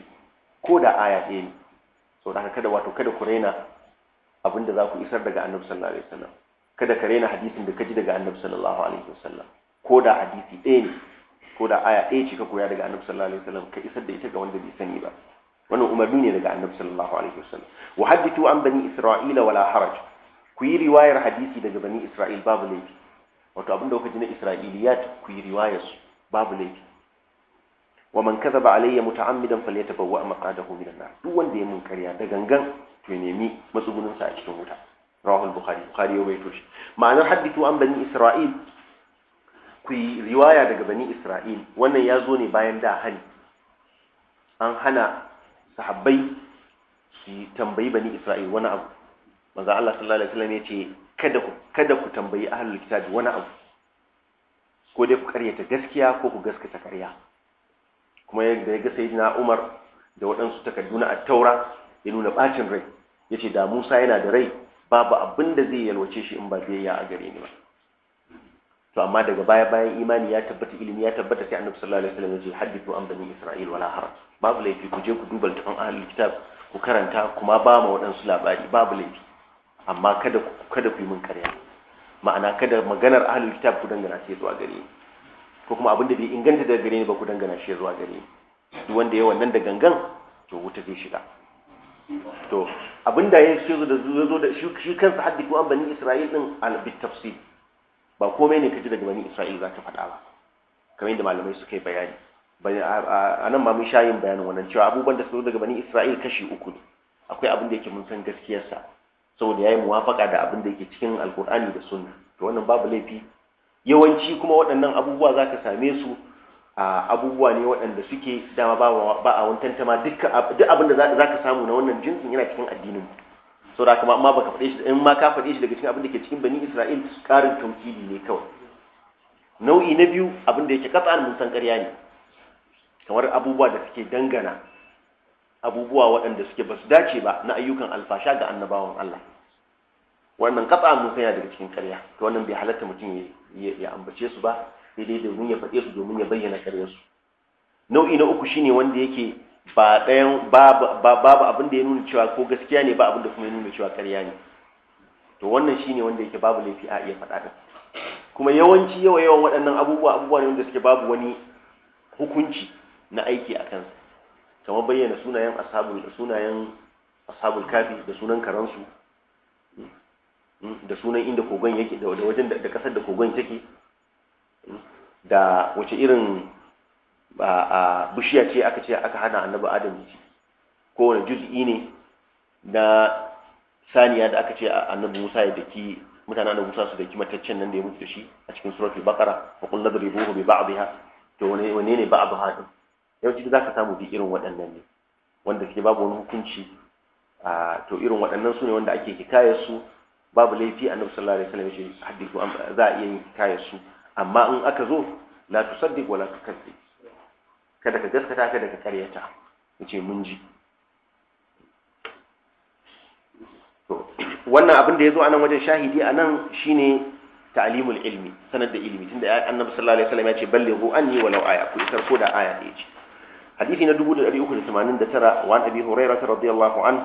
ko da aya ɗaya ne saboda haka kada wato kada ku raina abinda za ku isar daga annabi sallallahu alaihi wasallam kada ka rena hadisin da ka ji daga annabi sallallahu alaihi wasallam ko da hadisi ɗaya ne ko da aya ɗaya ce ka koya daga annabi sallallahu alaihi wasallam ka isar da ita ga wanda bai sani ba wannan umarni ne daga annabi sallallahu alaihi wasallam wa hadithu an bani isra'ila wala haraj ku yi riwayar hadisi daga bani isra'il babu laifi wato abin da kuka ji na isra'iliyat ku yi riwayar su babu laifi wa man kadhaba alayya muta'ammidan falyatabawwa maqadahu minan nar duk wanda ya mun karya da gangan to ya nemi matsugunin sa a cikin wuta Rahul bukhari bukhari ya waito shi ma'anar haddithu an bani isra'il ku yi riwaya daga bani isra'il wannan ya zo ne bayan da hali an hana sahabbai su tambayi bani isra'il wani abu manzo Allah sallallahu alaihi wasallam ya ce kada ku kada ku tambayi ahlul kitabi wani abu ko dai ku karyata gaskiya ko ku gaskata karya kuma yadda ya ga sayyidina Umar da waɗansu takardu na at ya nuna bacin rai yace da Musa yana da rai babu abin da zai yalwace shi in ba zai yi a gare ni ba to amma daga baya bayan imani ya tabbata ilimi ya tabbata sai annabi sallallahu alaihi wasallam ya ce hadithu an bani isra'il wala har babu laifi ku je ku duba littafin ahlul kitab ku karanta kuma ba ma waɗansu labari babu laifi amma kada ku kada ku yi min ƙarya ma'ana kada maganar ahlul kitab ku dangana shi zuwa gare ni ko kuma abin da bai inganta daga gare ni ba ku dangana shi zuwa gare ni duk wanda ya wannan da gangan to wuta zai shiga to abinda ya zo da zo da shi kansa haddiku an bani isra'il din al bit tafsir ba komai ne kaji daga bani isra'il zaka faɗa ba kamar yadda malamai suka yi bayani a nan ma mun sha yin bayanin wannan cewa abubuwan da su zo daga bani isra'il kashi uku ne akwai abin da yake mun san gaskiyarsa saboda ya yi muwafaka da abin da yake cikin alkur'ani da sunna to wannan babu laifi yawanci kuma waɗannan abubuwa za ka same su abubuwa ne waɗanda suke dama ba a wani tantama duk abin da za ka samu na wannan jinsin yana cikin addinin da kuma amma baka faɗe shi in ma ka faɗe shi daga cikin abin da ke cikin bani Isra'il ƙarin tumkili ne kawai nau'i na biyu abin da yake katsa mun san ƙarya ne kamar abubuwa da suke dangana abubuwa waɗanda suke ba su dace ba na ayyukan alfasha ga annabawan Allah wannan katsa mun san yana daga cikin ƙarya to wannan bai halatta mutum ya ambace su ba sai dai domin ya faɗe su domin ya bayyana su. nau'i na uku shine wanda yake ba ɗayan babu abin da ya nuna cewa ko gaskiya ne ba abin da kuma ya nuna cewa karya ne to wannan shine wanda yake babu laifi a iya faɗa ɗin kuma yawanci yawa yawan waɗannan abubuwa abubuwa ne wanda suke babu wani hukunci na aiki a kansa kamar bayyana sunayen da sunayen asabul kafi da sunan karansu hmm, da sunan inda kogon yake da wajen da kasar da kogon take da wace irin bishiya ce aka ce aka hana annabi adam ci wani juz'i ne na saniya da aka ce annabi musa ya daki mutane annabi musa su daki mataccen nan da ya mutu da shi a cikin suratul baqara wa qul nadribuhu bi ba'dha to wane wane ne ba'dha hadin yawanci za zaka samu bi irin waɗannan ne wanda ke babu wani hukunci to irin waɗannan su ne wanda ake kikayar su babu laifi annabi sallallahu alaihi wasallam ya ce hadithu za a iya yin su amma in aka zo la tusaddiq wala tukazzi kada ka gaskata kada ka karyata yace mun ji to wannan abin da yazo anan wajen shahidi anan shine ta'limul ilmi sanar da ilimi tunda annabi sallallahu alaihi wasallam ya ce ballighu anni walau aya ku isar ko da aya ne ce hadisi na 1389 wa abi hurairah radiyallahu anhu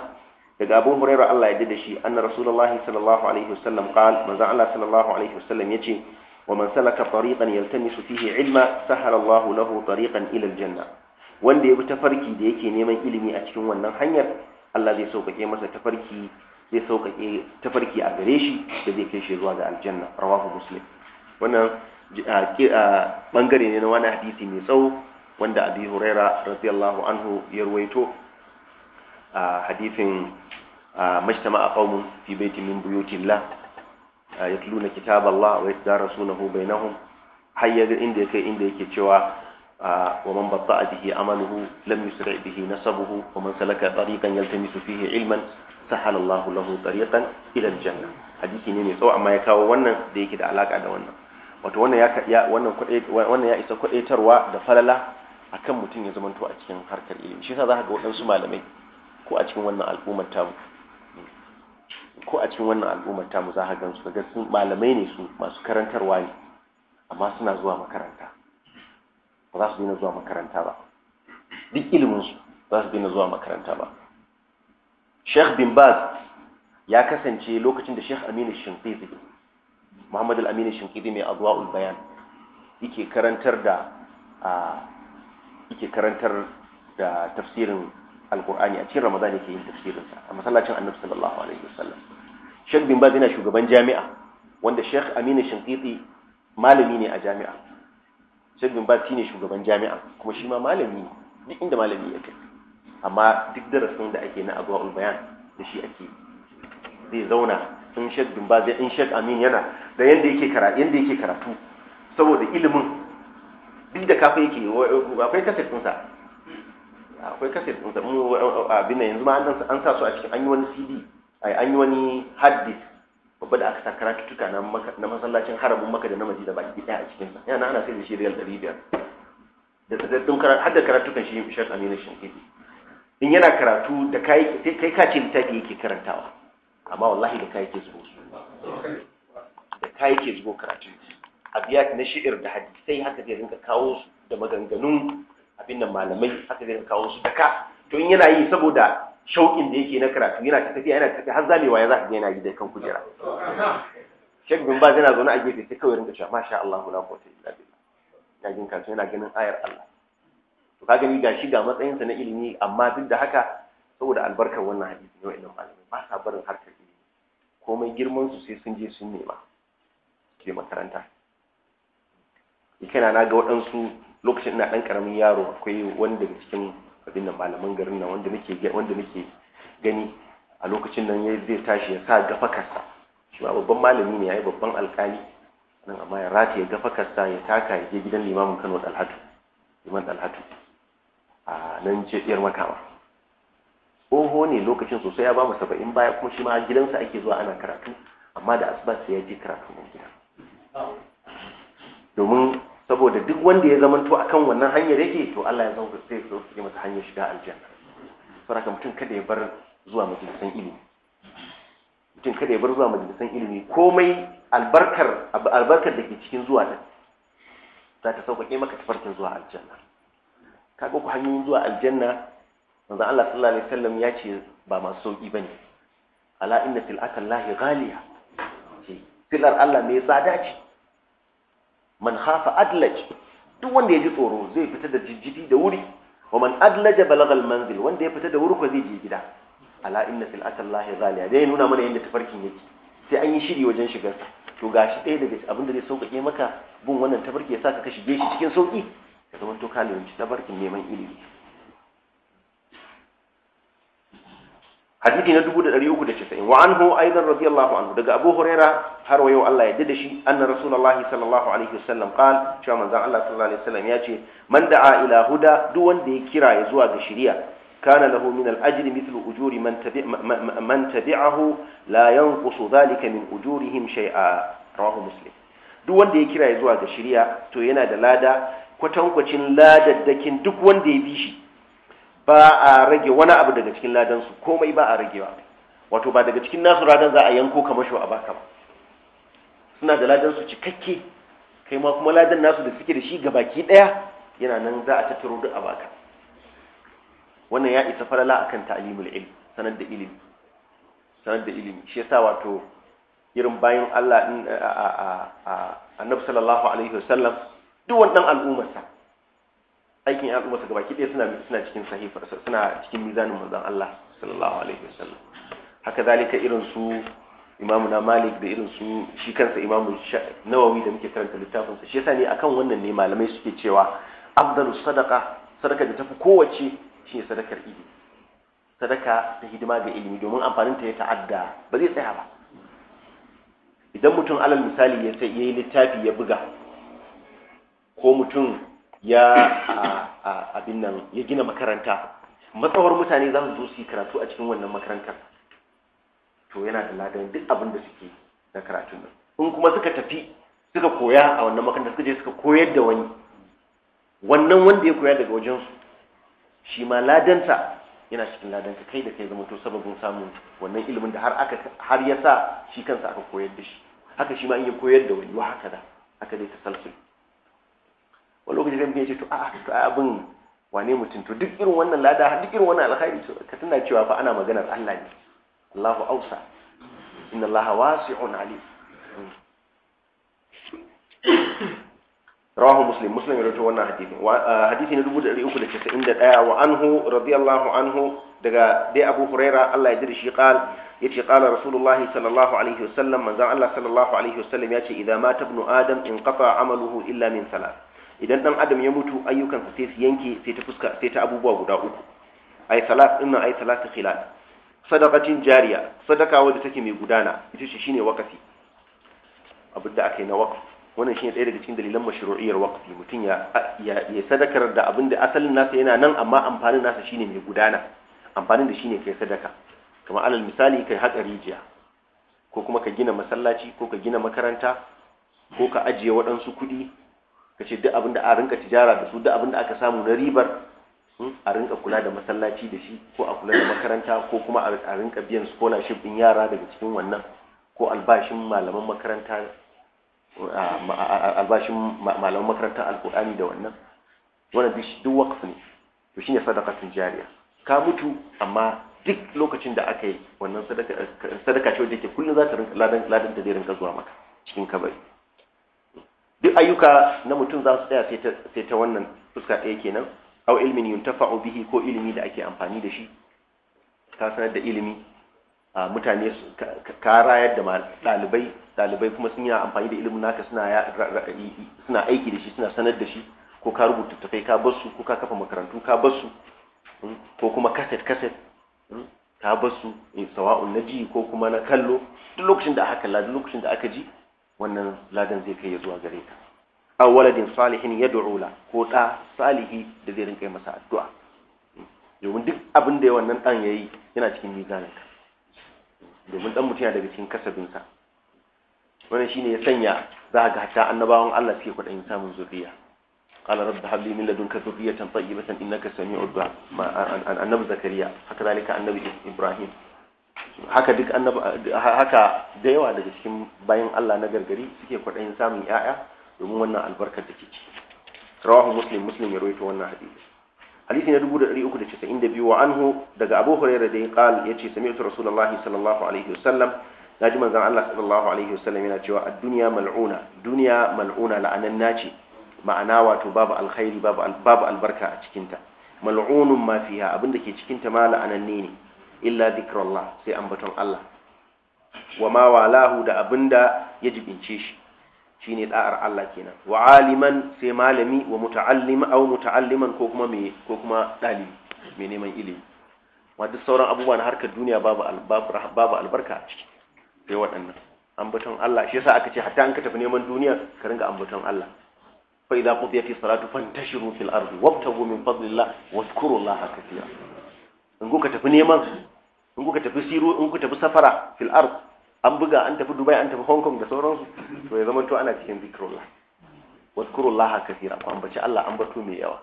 daga abu hurairah Allah ya dade shi anna rasulullahi sallallahu alaihi wasallam qala manzo Allah sallallahu alaihi wasallam yace ومن سلك طريقا يلتمس فيه علما سهل الله له طريقا إلى الجنة wanda ya bi tafarki da yake neman ilimi a cikin wannan hanyar Allah zai sauƙaƙe masa tafarki zai sauƙaƙe tafarki a gare shi da zai kai shi zuwa ga aljanna rawahu muslim wannan bangare ne na wani hadisi mai tsawo wanda abi huraira radiyallahu anhu ya ruwaito a hadisin mashtama a qaumun fi baitin min buyutillah yatluna kitaballah wa yatadarasunahu bainahum har yaga inda yake inda yake cewa wa man batta'a bihi amaluhu lam yusri bihi nasabuhu wa man salaka tariqan yaltamisu fihi ilman sahala Allah lahu tariqan ila aljanna hadisi ne mai tsawo amma ya kawo wannan da yake da alaka da wannan wato wannan ya isa kudaitarwa da falala akan mutum ya zamanto a cikin harkar ilimi shi yasa za ka ga waɗansu malamai ko a cikin wannan al'ummar tamu ko a cikin wannan al'ummar ta mu za ka gan su ga sun malamai ne su masu karantarwa ne amma suna zuwa makaranta ba za su daina zuwa makaranta ba duk ilimin su za su daina zuwa makaranta ba Sheikh bin Baz ya kasance lokacin da Sheikh Aminu Shinqizi Muhammad al-Aminu Shinqizi mai Adwa'ul Bayan yake karantar da yake karantar da tafsirin alkur'ani a cikin ramadan yake yin tafsirinsa a masallacin annabi sallallahu alaihi wasallam shek bin baz yana shugaban jami'a wanda shek aminu shinkiti malami ne a jami'a shek bin baz shine shugaban jami'a kuma shi ma malami ne duk inda malami ya kai amma duk darasin da ake na adwaul bayan da shi ake zai zauna in shek bin baz in shek amin yana da yanda yake karatu yanda yake karatu saboda ilimin duk da kafin yake akwai kasafin sa akwai kaset ɗinsa mu abin yanzu ma an sa su a cikin an yi wani cd an yi wani hard disk babba da aka sa karatuttuka na masallacin haramun maka da na madina baki ɗaya a cikinsa yana ana sai da shi riyal ɗari biyar da tsadaddun karatu har da karatukan shi shek aminu shinkiti in yana karatu da kai kai ka littafi yake karantawa amma wallahi da kai ke zubo da kai ke zubo karatu abiyat na shi'ir da sai haka zai rinka kawo su da maganganun abinda malamai haka zai kawo su daka to in yana yi saboda shauƙin da yake na karatu yana ta tafiya yana ta tafiya har zamewa ya za ka ga yana da kan kujera Sheikh bin Baz yana zaune a gefe sai kawai rinka cewa masha Allah la quwwata illa billah ya jin yana ganin ayar Allah to ka gani gashi ga matsayin sa na ilimi amma duk da haka saboda albarkar wannan hadisi ne wa'annan malamai ba sa barin harkar ilimi komai girman su sai sun je sun nema ke makaranta ikana na ga waɗansu lokacin ina ɗan ƙaramin yaro akwai wanda daga cikin abin da malaman garin na wanda nake wanda nake gani a lokacin nan ya zai tashi ya sa gafakarsa shi ma babban malami ne yayi babban alƙali nan amma ya rata ya gafakarsa ya taka ya je gidan limamin Kano Dalhatu liman Dalhatu a nan ce diyar makawa tsoho ne lokacin sosai ya ba mu saba'in baya kuma shi ma gidansa ake zuwa ana karatu amma da asibar sai ya je karatu mun gida domin saboda duk wanda ya to akan wannan hanyar yake to Allah ya zauka sai su yi masa hanyar shiga aljanna saboda mutum kada ya bar zuwa majalisan ilimi mutum kada ya bar zuwa majalisan ilimi komai albarkar albarkar dake cikin zuwa da za ta sauƙaƙe maka tafarkin zuwa aljanna ka ga ku hanyoyin zuwa aljanna manzon Allah sallallahu alaihi wasallam ya ce ba masu sauƙi bane ala inna fil akallahi ghaliya ce filar Allah mai tsada ce man khafa adlaj duk wanda ya ji tsoro zai fita da jijjidi da wuri wa man adlaja balagha manzil wanda ya fita da wuri ko zai je gida ala inna fil atallahi zaliya dai nuna mana yadda tafarkin yake sai an yi shiri wajen shigar to gashi ɗaya daga abin da zai sauƙaƙe maka bin wannan tafarki ya sa ka shige shi cikin sauƙi ka zama to ka ci tafarkin neman ilimi hadisi na 390 wa anhu aidan radiyallahu anhu daga Abu Huraira har wayo Allah ya dada shi anna Rasulullah sallallahu alaihi wasallam qal cewa manzon Allah sallallahu alaihi wasallam ya ce man da'a ila huda duk wanda ya kira ya zuwa ga shari'a kana lahu min al-ajr mithlu ujuri man tabi man tabi'ahu la yanqusu dhalika min ujurihim shay'a rawahu muslim duk wanda ya kira ya zuwa ga shari'a to yana da lada kwatankwacin ladaddakin duk wanda ya bi shi ba a rage wani abu daga cikin ladansu komai ba a ragewa wato ba daga cikin nasu ladan za a yanko kamar shi a baka ba suna da ladansu cikakke kai ma kuma ladan nasu da suke da shi ga baki daya yana nan za a tattaro duk a baka wannan ya isa falala akan ta'limul ilm sanar da ilimi sanar da ilimi shi yasa wato irin bayan Allah a a a annabi sallallahu alaihi wasallam duk wannan al'ummarsa aikin yan uwarsa gabaki ɗaya suna suna cikin sahifar suna cikin mizanin manzon Allah sallallahu alaihi wasallam haka zalika irin su imamu na malik da irin su shi kansa imamu nawawi da muke karanta littafinsa sa shi yasa ne akan wannan ne malamai suke cewa afdalus sadaka sadaka da tafi kowace ne sadakar ilimi sadaka ta hidima ga ilimi domin amfanin ta ya ta'adda ba zai tsaya ba idan mutum alal misali ya yi littafi ya buga ko mutum ya abin nan ya gina makaranta matsawar mutane za su zo su yi karatu a cikin wannan makarantar to yana da ladan duk abin da suke na karatun nan in kuma suka tafi suka koya a wannan makarantar suka je suka koyar da wani wannan wanda ya koya daga wajensu shi ma ladansa yana cikin ladanka kai da kai zama to sababin samun wannan ilimin da har aka har ya sa shi kansa aka koyar da shi haka shi ma in ya koyar da wani wa haka da haka dai tasalsul wani lokaci zai mutum ya ce to a to abin wane mutum to duk irin wannan lada duk irin wannan alkhairi to ka tana cewa fa ana maganar Allah ne Allahu ausa inna Allah wasi'un alim rawahu muslim muslim ya rawaito wannan hadisi hadisi ne 391 wa anhu radiyallahu anhu daga dai Abu Huraira Allah ya ji shi qal yace qala rasulullahi sallallahu alaihi wasallam manzon Allah sallallahu alaihi wasallam yace idan mata ibnu adam in qata amaluhu illa min salat idan dan adam ya mutu ayyukansa sai su yanke sai ta fuska sai ta abubuwa guda uku ay salat inna ay salatu khilal sadaqatin jariya sadaka wadda take mai gudana ita ce shine wakafi abin da aka na waqf wannan shine ɗaya daga cikin dalilan mashru'iyyar waqfi mutum ya ya sadakar da abin da asalin nasa yana nan amma amfanin nasa shine mai gudana amfanin da shine kai sadaka kamar alal misali kai haƙa rijiya ko kuma ka gina masallaci ko ka gina makaranta ko ka ajiye waɗansu kuɗi ka ce duk abin da a rinka tijara da su duk abin da aka samu na ribar hmm, a rinka kula da masallaci da shi ko a kula da makaranta ko kuma a rinka biyan scholarship din yara daga cikin wannan ko albashin malaman makaranta albashin malaman makarantar alkur'ani da wannan wannan duk waqf ne to shine sadaqatun jariya ka mutu amma duk lokacin da aka yi wannan sadaka ce wacce ke kullum za ta rinka ladan ta zai rinka zuwa maka cikin kabari duk ayyuka na mutum za su tsaya sai ta wannan fuska ɗaya kenan au ilmin yuntafa'u bihi ko ilimi da ake amfani da shi ka sanar da ilimi a ah, mutane ka rayar da ɗalibai ɗalibai kuma sun yi amfani da ilimin naka suna aiki da shi suna sanar da shi ko ka rubuta tafai ka basu ko ka kafa makarantu ka basu hmm, ko kuma kaset kaset hmm, ka basu eh, sawa'un na ji ko kuma na kallo duk lokacin da aka kalla duk lokacin da aka ji wannan ladan zai kai ya zuwa gare ka aw waladin salihin yad'u la ko da salihi da zai rinka masa addu'a domin duk abin da wannan dan yayi yana cikin mizanin ka domin dan mutum yana daga cikin kasabin sa wannan shine ya sanya za ga hatta annabawan Allah suke kwaɗayin samun zuriya قال رب هب min ladunka لدنك tayyibatan innaka إنك du'a annabi zakariya haka zalika annabi Ibrahim. haka duk annaba haka da yawa daga cikin bayan Allah na gargari suke kwaɗayin samun yaya domin wannan albarkar da ke rawahu muslim muslim ya rawaito wannan hadisi hadisi na 392 wa anhu daga Abu Hurairah da ya qal yace sami'tu Rasulullahi sallallahu alaihi wasallam naji manzon Allah sallallahu alaihi wasallam yana cewa ad-dunya mal'una dunya mal'una la'ananna ce ma'ana wato babu alkhairi babu albarka a cikinta mal'unun ma fiha abinda ke cikinta ma la'ananne ne illa dhikrullah sai ambaton Allah wa ma walahu da abinda ya jibince shi ne da'ar Allah kenan wa aliman sai malami wa muta'allim aw muta'alliman ko kuma me ko kuma dalibi me neman ilimi wa sauran abubuwa na harkar duniya babu albarka a ciki sai waɗannan ambaton Allah shi yasa aka ce hatta an ka tafi neman duniya ka ringa ambaton Allah fa idza qudiyati salatu fantashiru fil ardi wabtagu min fadlillah wadhkuru Allah kathira in ka tafi neman in kuka tafi siru in kuka tafi safara fil ard an buga an tafi dubai an tafi hong kong da sauransu to ya zama to ana cikin zikrullah wadkurullaha kathira an ambaci Allah an bato mai yawa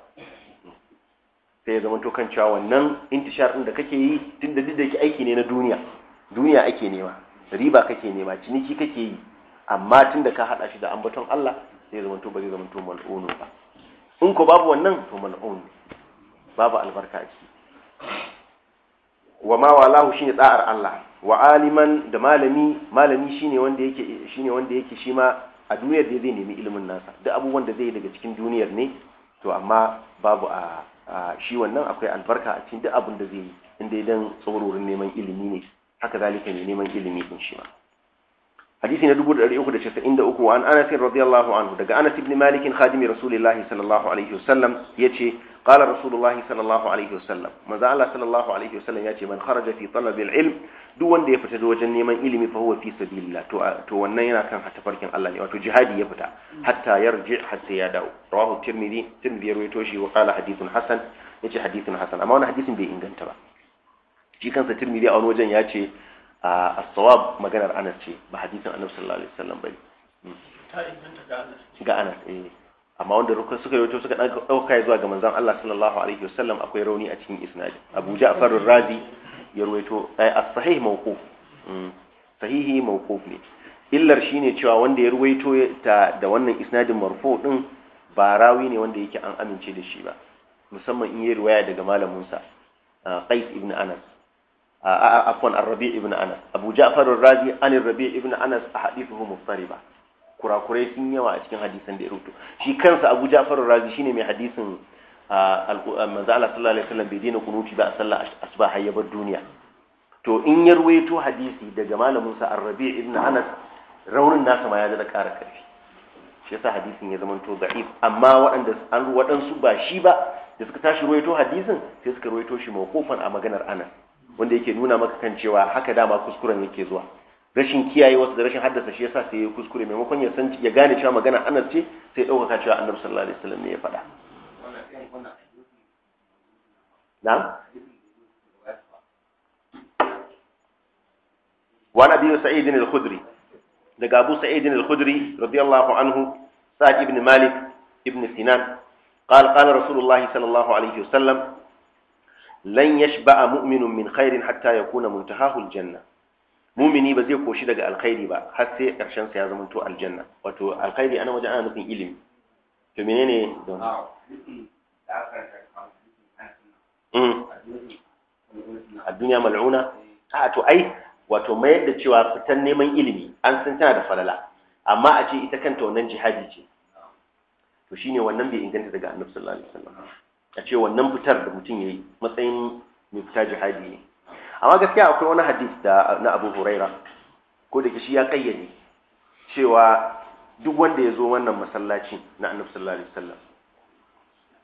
sai ya zama to kan cewa wannan intishar din da kake yi tunda da yake aiki ne na duniya duniya ake nema riba kake nema ciniki kake yi amma tunda ka hada shi da ambaton Allah sai ya zama to ba zai zama to mal'unu ba in ko babu wannan to mal'unu babu albarka a ciki wa ma walahu shine da'ar Allah wa aliman da malami malami shine wanda yake shine wanda yake shi ma a duniyar da zai nemi ilimin nasa duk abubuwan da zai daga cikin duniyar ne to amma babu a shi wannan akwai albarka a cikin duk abin da zai yi inda idan tsororin neman ilimi ne haka zalika ne neman ilimi din shi ma hadisi na 393 uku an Anas radiyallahu anhu daga Anas ibn Malik khadimi Rasulillahi sallallahu alaihi wasallam yace قال رسول الله صلى الله عليه وسلم ما زال صلى الله عليه وسلم ياتي من خرج في طلب العلم duk wanda ya fita wajen neman ilimi fa huwa fi sabilillah to to wannan yana kan hatafarkin Allah ne wato jihadi ya fita hatta yarji hatta ya dawo rawahu tirmidhi tirmidhi rawaito shi wa qala hadithun hasan yace hadithun hasan amma wannan hadisin bai inganta ba shi kansa tirmidhi a wani wajen ya ce as-sawab maganar Anas ce ba sallallahu alaihi hmm. ga Anas eh amma wanda rukun suka yawato suka ɗauka zuwa ga manzan Allah sallallahu alaihi wasallam akwai rauni a cikin isnadi Abu Ja'far ar-Razi ya ruwaito eh, a sahih mawquf mm. sahihi mawquf ne illar ne cewa wanda ya ruwaito ta da wannan isnadin marfo ɗin ba rawi ne wanda yake an amince da shi ba musamman in yi ruwaya daga malamunsa Qais ibn Anas afwan ar-Rabi' ibn Anas Abu Ja'far razi an ar-Rabi' ibn Anas ahadithuhu kurakurai sun yawa a cikin hadisan da ya rubuto shi kansa abu ja'far razi shine mai hadisin manzo Allah sallallahu alaihi wasallam bai daina kunuti ba a sallar asuba har ya bar duniya to in ya ruwaito hadisi daga malamin sa Ar-Rabi' ibn Anas raunin nasa ma ya da ƙara ƙarfi shi yasa hadisin ya zamanto da'if amma waɗanda an waɗansu ba shi ba da suka tashi ruwaito hadisin sai suka ruwaito shi mawqufan a maganar Anas wanda yake nuna maka kan cewa haka dama kuskuren yake zuwa rashin kiyaye wasu da rashin haddasa shi yasa sai ya kuskure maimakon ya san ya gane cewa magana Anas ce sai ya dauka cewa Annabi sallallahu alaihi wasallam ne ya faɗa na وعن ابي al-khudri daga abu sa'id الخدري رضي الله عنه سعد بن مالك ابن سنان قال قال رسول الله صلى الله عليه وسلم لن يشبع مؤمن من خير حتى يكون منتهاه الجنه mumini ba zai koshi daga alkhairi ba har sai karshen sa ya zama to aljanna wato alkhairi ana waje ana nufin ilimi to menene don mm. a duniya mal'una a to ai wato mayar da cewa fitan neman ilimi an san tana da falala amma a ce ita kanta wannan jihadi ce to shine wannan bai inganta daga annabi sallallahu alaihi wasallam a ce wannan fitar da mutum yayi matsayin mai fita jihadi ne amma gaskiya akwai wani hadis da na Abu Huraira ko da shi ya kayyade cewa duk wanda ya zo wannan masallaci na Annabi sallallahu alaihi wasallam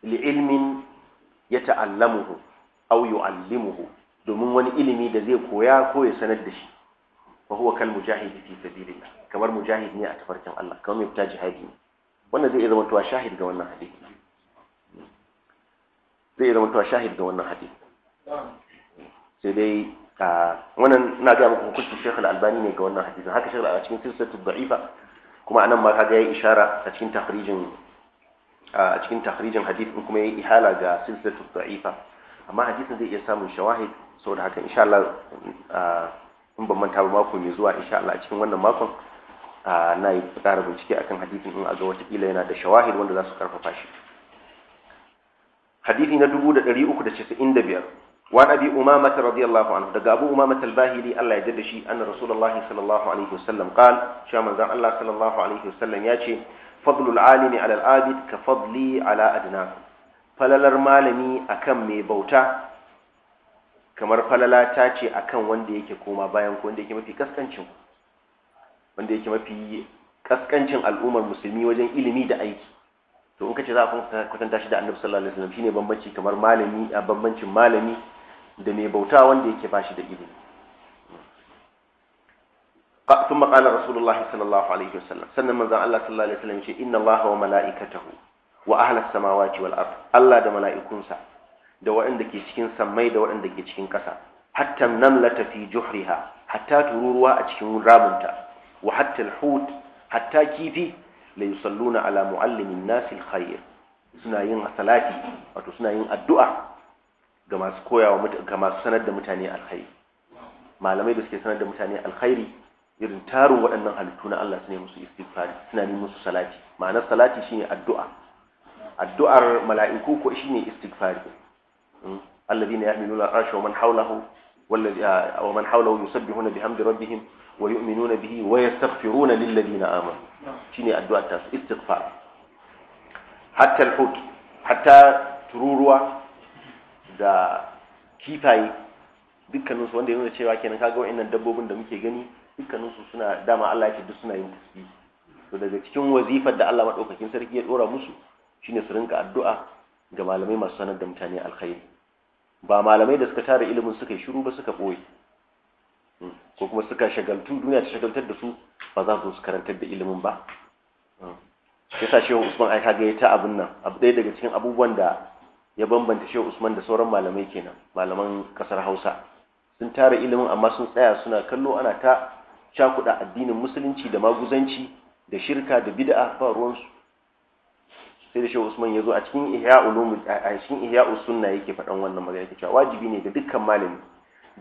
li ilmin yata'allamuhu aw yu'allimuhu domin wani ilimi da zai koya ko ya sanar da shi fa huwa kal mujahidi fi sabilillah kamar mujahid ne a tafarkin Allah kamar mai fita jihadi ne wannan zai zama tuwa shahid ga wannan hadisi zai zama tuwa shahid ga wannan hadisi sai dai wannan na ga muku hukuncin Sheikh Al-Albani ne ga wannan hadisin haka Sheikh a cikin silsilatu da'ifa kuma anan ma kaga yayi ishara a cikin tahrijin a cikin tahrijin hadisin kuma yayi ihala ga silsilatu da'ifa amma hadisin zai iya samun shawahid saboda haka insha Allah in ban manta ba mako mai zuwa insha Allah a cikin wannan makon na yi tsara bincike akan hadisin in a ga watakila yana da shawahid wanda za su karfafa shi hadisi na 395 وعن أبي أمامة رضي الله عنه دقى أبو أمامة الباهلي الله يجدشي أن رسول الله صلى الله عليه وسلم قال شاما زان الله صلى الله عليه وسلم ياتي فضل العالم على العابد كفضلي على أدناكم falalar malami akan mai bauta kamar falala ta ce akan wanda yake koma bayan ku wanda yake mafi kaskancin wanda yake mafi kaskancin al'ummar musulmi wajen ilimi da aiki to in ka ce za a kwatanta shi da annabi sallallahu alaihi wasallam shine bambanci kamar malami a bambancin malami da mai bauta wanda yake ba shi da ido sun makanar rasulullah sallallahu alaihi wasallam sannan manzan Allah sallallahu alaihi ce inna allaha wa mala'ikatahu wa ahlas samawati wal ard Allah da mala'ikunsa da waɗanda ke cikin sammai da waɗanda ke cikin ƙasa hatta namlata fi juhriha hatta tururuwa a cikin ramunta wa hatta alhut hatta kifi la yusalluna ala muallimin nasil khair suna yin salati wato suna yin addu'a ga masu koyawa ga masu sanar da mutane alkhairi malamai da suke sanar da mutane alkhairi irin tarin waɗannan halittu na Allah sune musu istighfari suna ne musu salati ma'anar salati shine addu'a addu'ar mala'iku ko shine istighfari hmm? alladhina yahmiluna al-arsha wa man hawlahu ومن حوله يسبحون بحمد ربهم ويؤمنون به ويستغفرون للذين آمنوا شيني الدعاء التاس استغفار حتى الحوت حتى تروروا da kifaye dukkaninsu wanda ya nuna cewa kenan kaga wa'annan dabbobin da muke gani dukkaninsu suna dama Allah ya duk suna yin tasbihi to daga cikin wazifar da Allah madaukakin sarki ya dora musu shine su rinka addu'a ga malamai masu sanar da mutane alkhairi ba malamai da suka tara ilimin suka yi shiru ba suka boye hmm, ko kuma suka shagaltu duniya ta shagaltar da su ba za su karantar da ilimin ba hmm. yasa shehu usman ai kaga ya ta abin nan abu ɗaya daga cikin abubuwan da ya bambanta shehu usman da sauran malamai kenan malaman kasar hausa sun tara ilimin amma sun tsaya suna kallo ana ta cakuɗa addinin musulunci da maguzanci da shirka da bid'a ba ruwansu sai da shehu usman ya zo a cikin ihya ulumul a cikin ihya sunna yake faɗan wannan magana yake cewa wajibi ne ga dukkan malami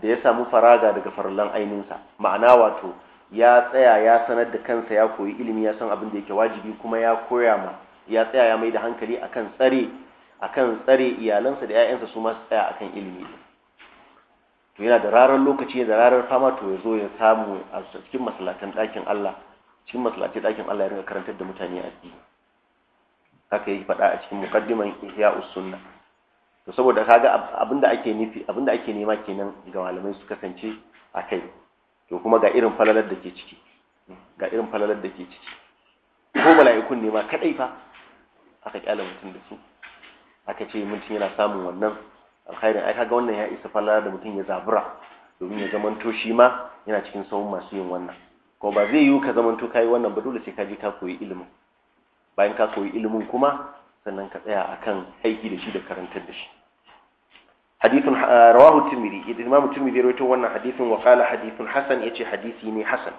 da ya samu faraga daga farallan sa. ma'ana wato ya tsaya ya sanar da kansa ya koyi ilimi ya san abin da yake wajibi kuma ya koya ma ya tsaya ya mai da hankali akan tsare akan tsare iyalansa da 'ya'yansa su masu tsaya akan ilimi to yana da rarar lokaci da rarar fama to ya zo ya samu a cikin masalatan ɗakin Allah cikin masalatan ɗakin Allah ya rinka karantar da mutane ciki haka yi faɗa a cikin muqaddiman ihya sunna to saboda kaga abinda ake nufi abinda ake nema kenan ga malamai su kasance a kai to kuma ga irin falalar da ke ciki ga irin falalar da ke ciki ko mala'ikun ne ma kadai fa aka kyale mutum da su aka ce mutum yana samun wannan alkhairin ai kaga wannan ya isa falala da mutum ya zabura domin ya to shi ma yana cikin sauran masu yin wannan ko ba zai yiwu ka zamanto kai wannan ba dole sai ka je ka koyi ilimin bayan ka koyi ilimin kuma sannan ka tsaya akan aiki da shi da karantar da shi hadithun ah, rawahu tirmidhi idan imamu tirmidhi ya rawaito wannan hadithun wa qala hadithun hasan yace hadisi ne hasan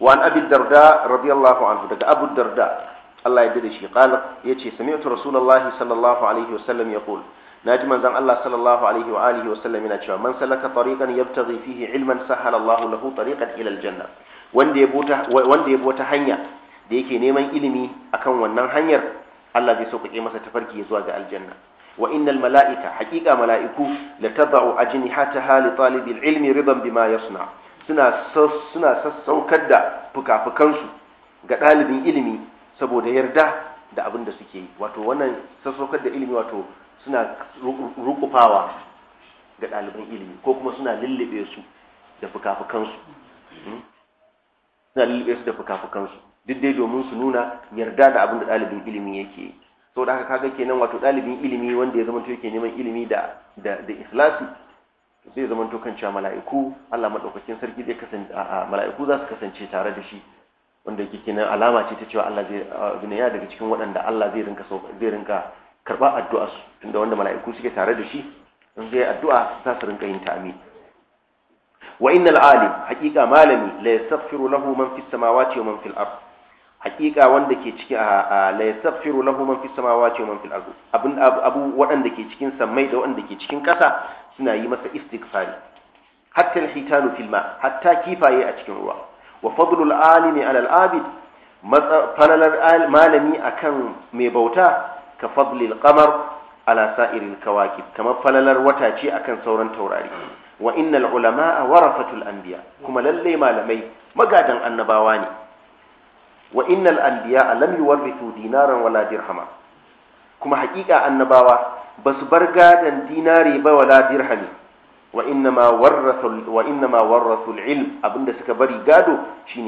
وعن أبي الدرداء رضي الله عنه daga أبو الدرداء Allah ya da shi qala yace sami'tu rasulullahi sallallahu alaihi wasallam yaqul naji manzon Allah sallallahu alaihi wa alihi wasallam yana cewa man salaka tariqan yabtaghi fihi ilman sahala Allahu lahu tariqan ila aljanna wanda ya bota wanda ya bota hanya da yake neman ilimi akan wannan hanyar Allah zai sauƙaƙe masa tafarki zuwa ga aljanna wa innal mala'ika haƙiƙa mala'iku la tad'u ajnihataha li talibil ilmi ridan bima yasna suna suna sassaukar da fukafukansu ga ɗalibin ilimi saboda yarda da abin da suke wato wannan sassaukar da ilimi wato suna rukufawa ga ɗaliban ilimi ko kuma suna lullube su da fukafukansu hmm? suna lullube su da fukafukansu duk dai domin su nuna yarda da abin da ɗalibin ilimi yake yi sau da haka kaga kenan wato ɗalibin ilimi wanda ya zamanto yake neman ilimi da da da zai zamanto kan cewa mala'iku Allah maɗaukakin sarki zai kasance mala'iku za su kasance tare da shi wanda yake kenan alama ce ta cewa Allah zai abin ya daga cikin waɗanda Allah zai rinka zai rinka karba addu'a su tunda wanda mala'iku suke tare da shi in zai addu'a za su rinka yin ta amin wa innal alim haqiqa malami la yastaghfiru lahu man fis samawati wa man fil ard haqiqa wanda ke ciki la yastaghfiru lahu man fis samawati wa man fil ard abin abu waɗanda ke cikin sammai da waɗanda ke cikin ƙasa suna yi masa istighfari hatta al-hitanu fil ma hatta kifaye a cikin ruwa wa fadlul alimi alal abid falalar malami akan mai bauta ka fadlil qamar ala sa'iril kawakib kamar falalar wata ce akan sauran taurari wa innal ulama'a warafatul anbiya kuma lallai malamai magadan annabawa ne wa innal anbiya lam yuwarrithu dinaran wala dirhama kuma haƙiƙa annabawa ba su bar gadan dinari ba wala dirhami wa innama warrasul ilm abinda suka bari gado shine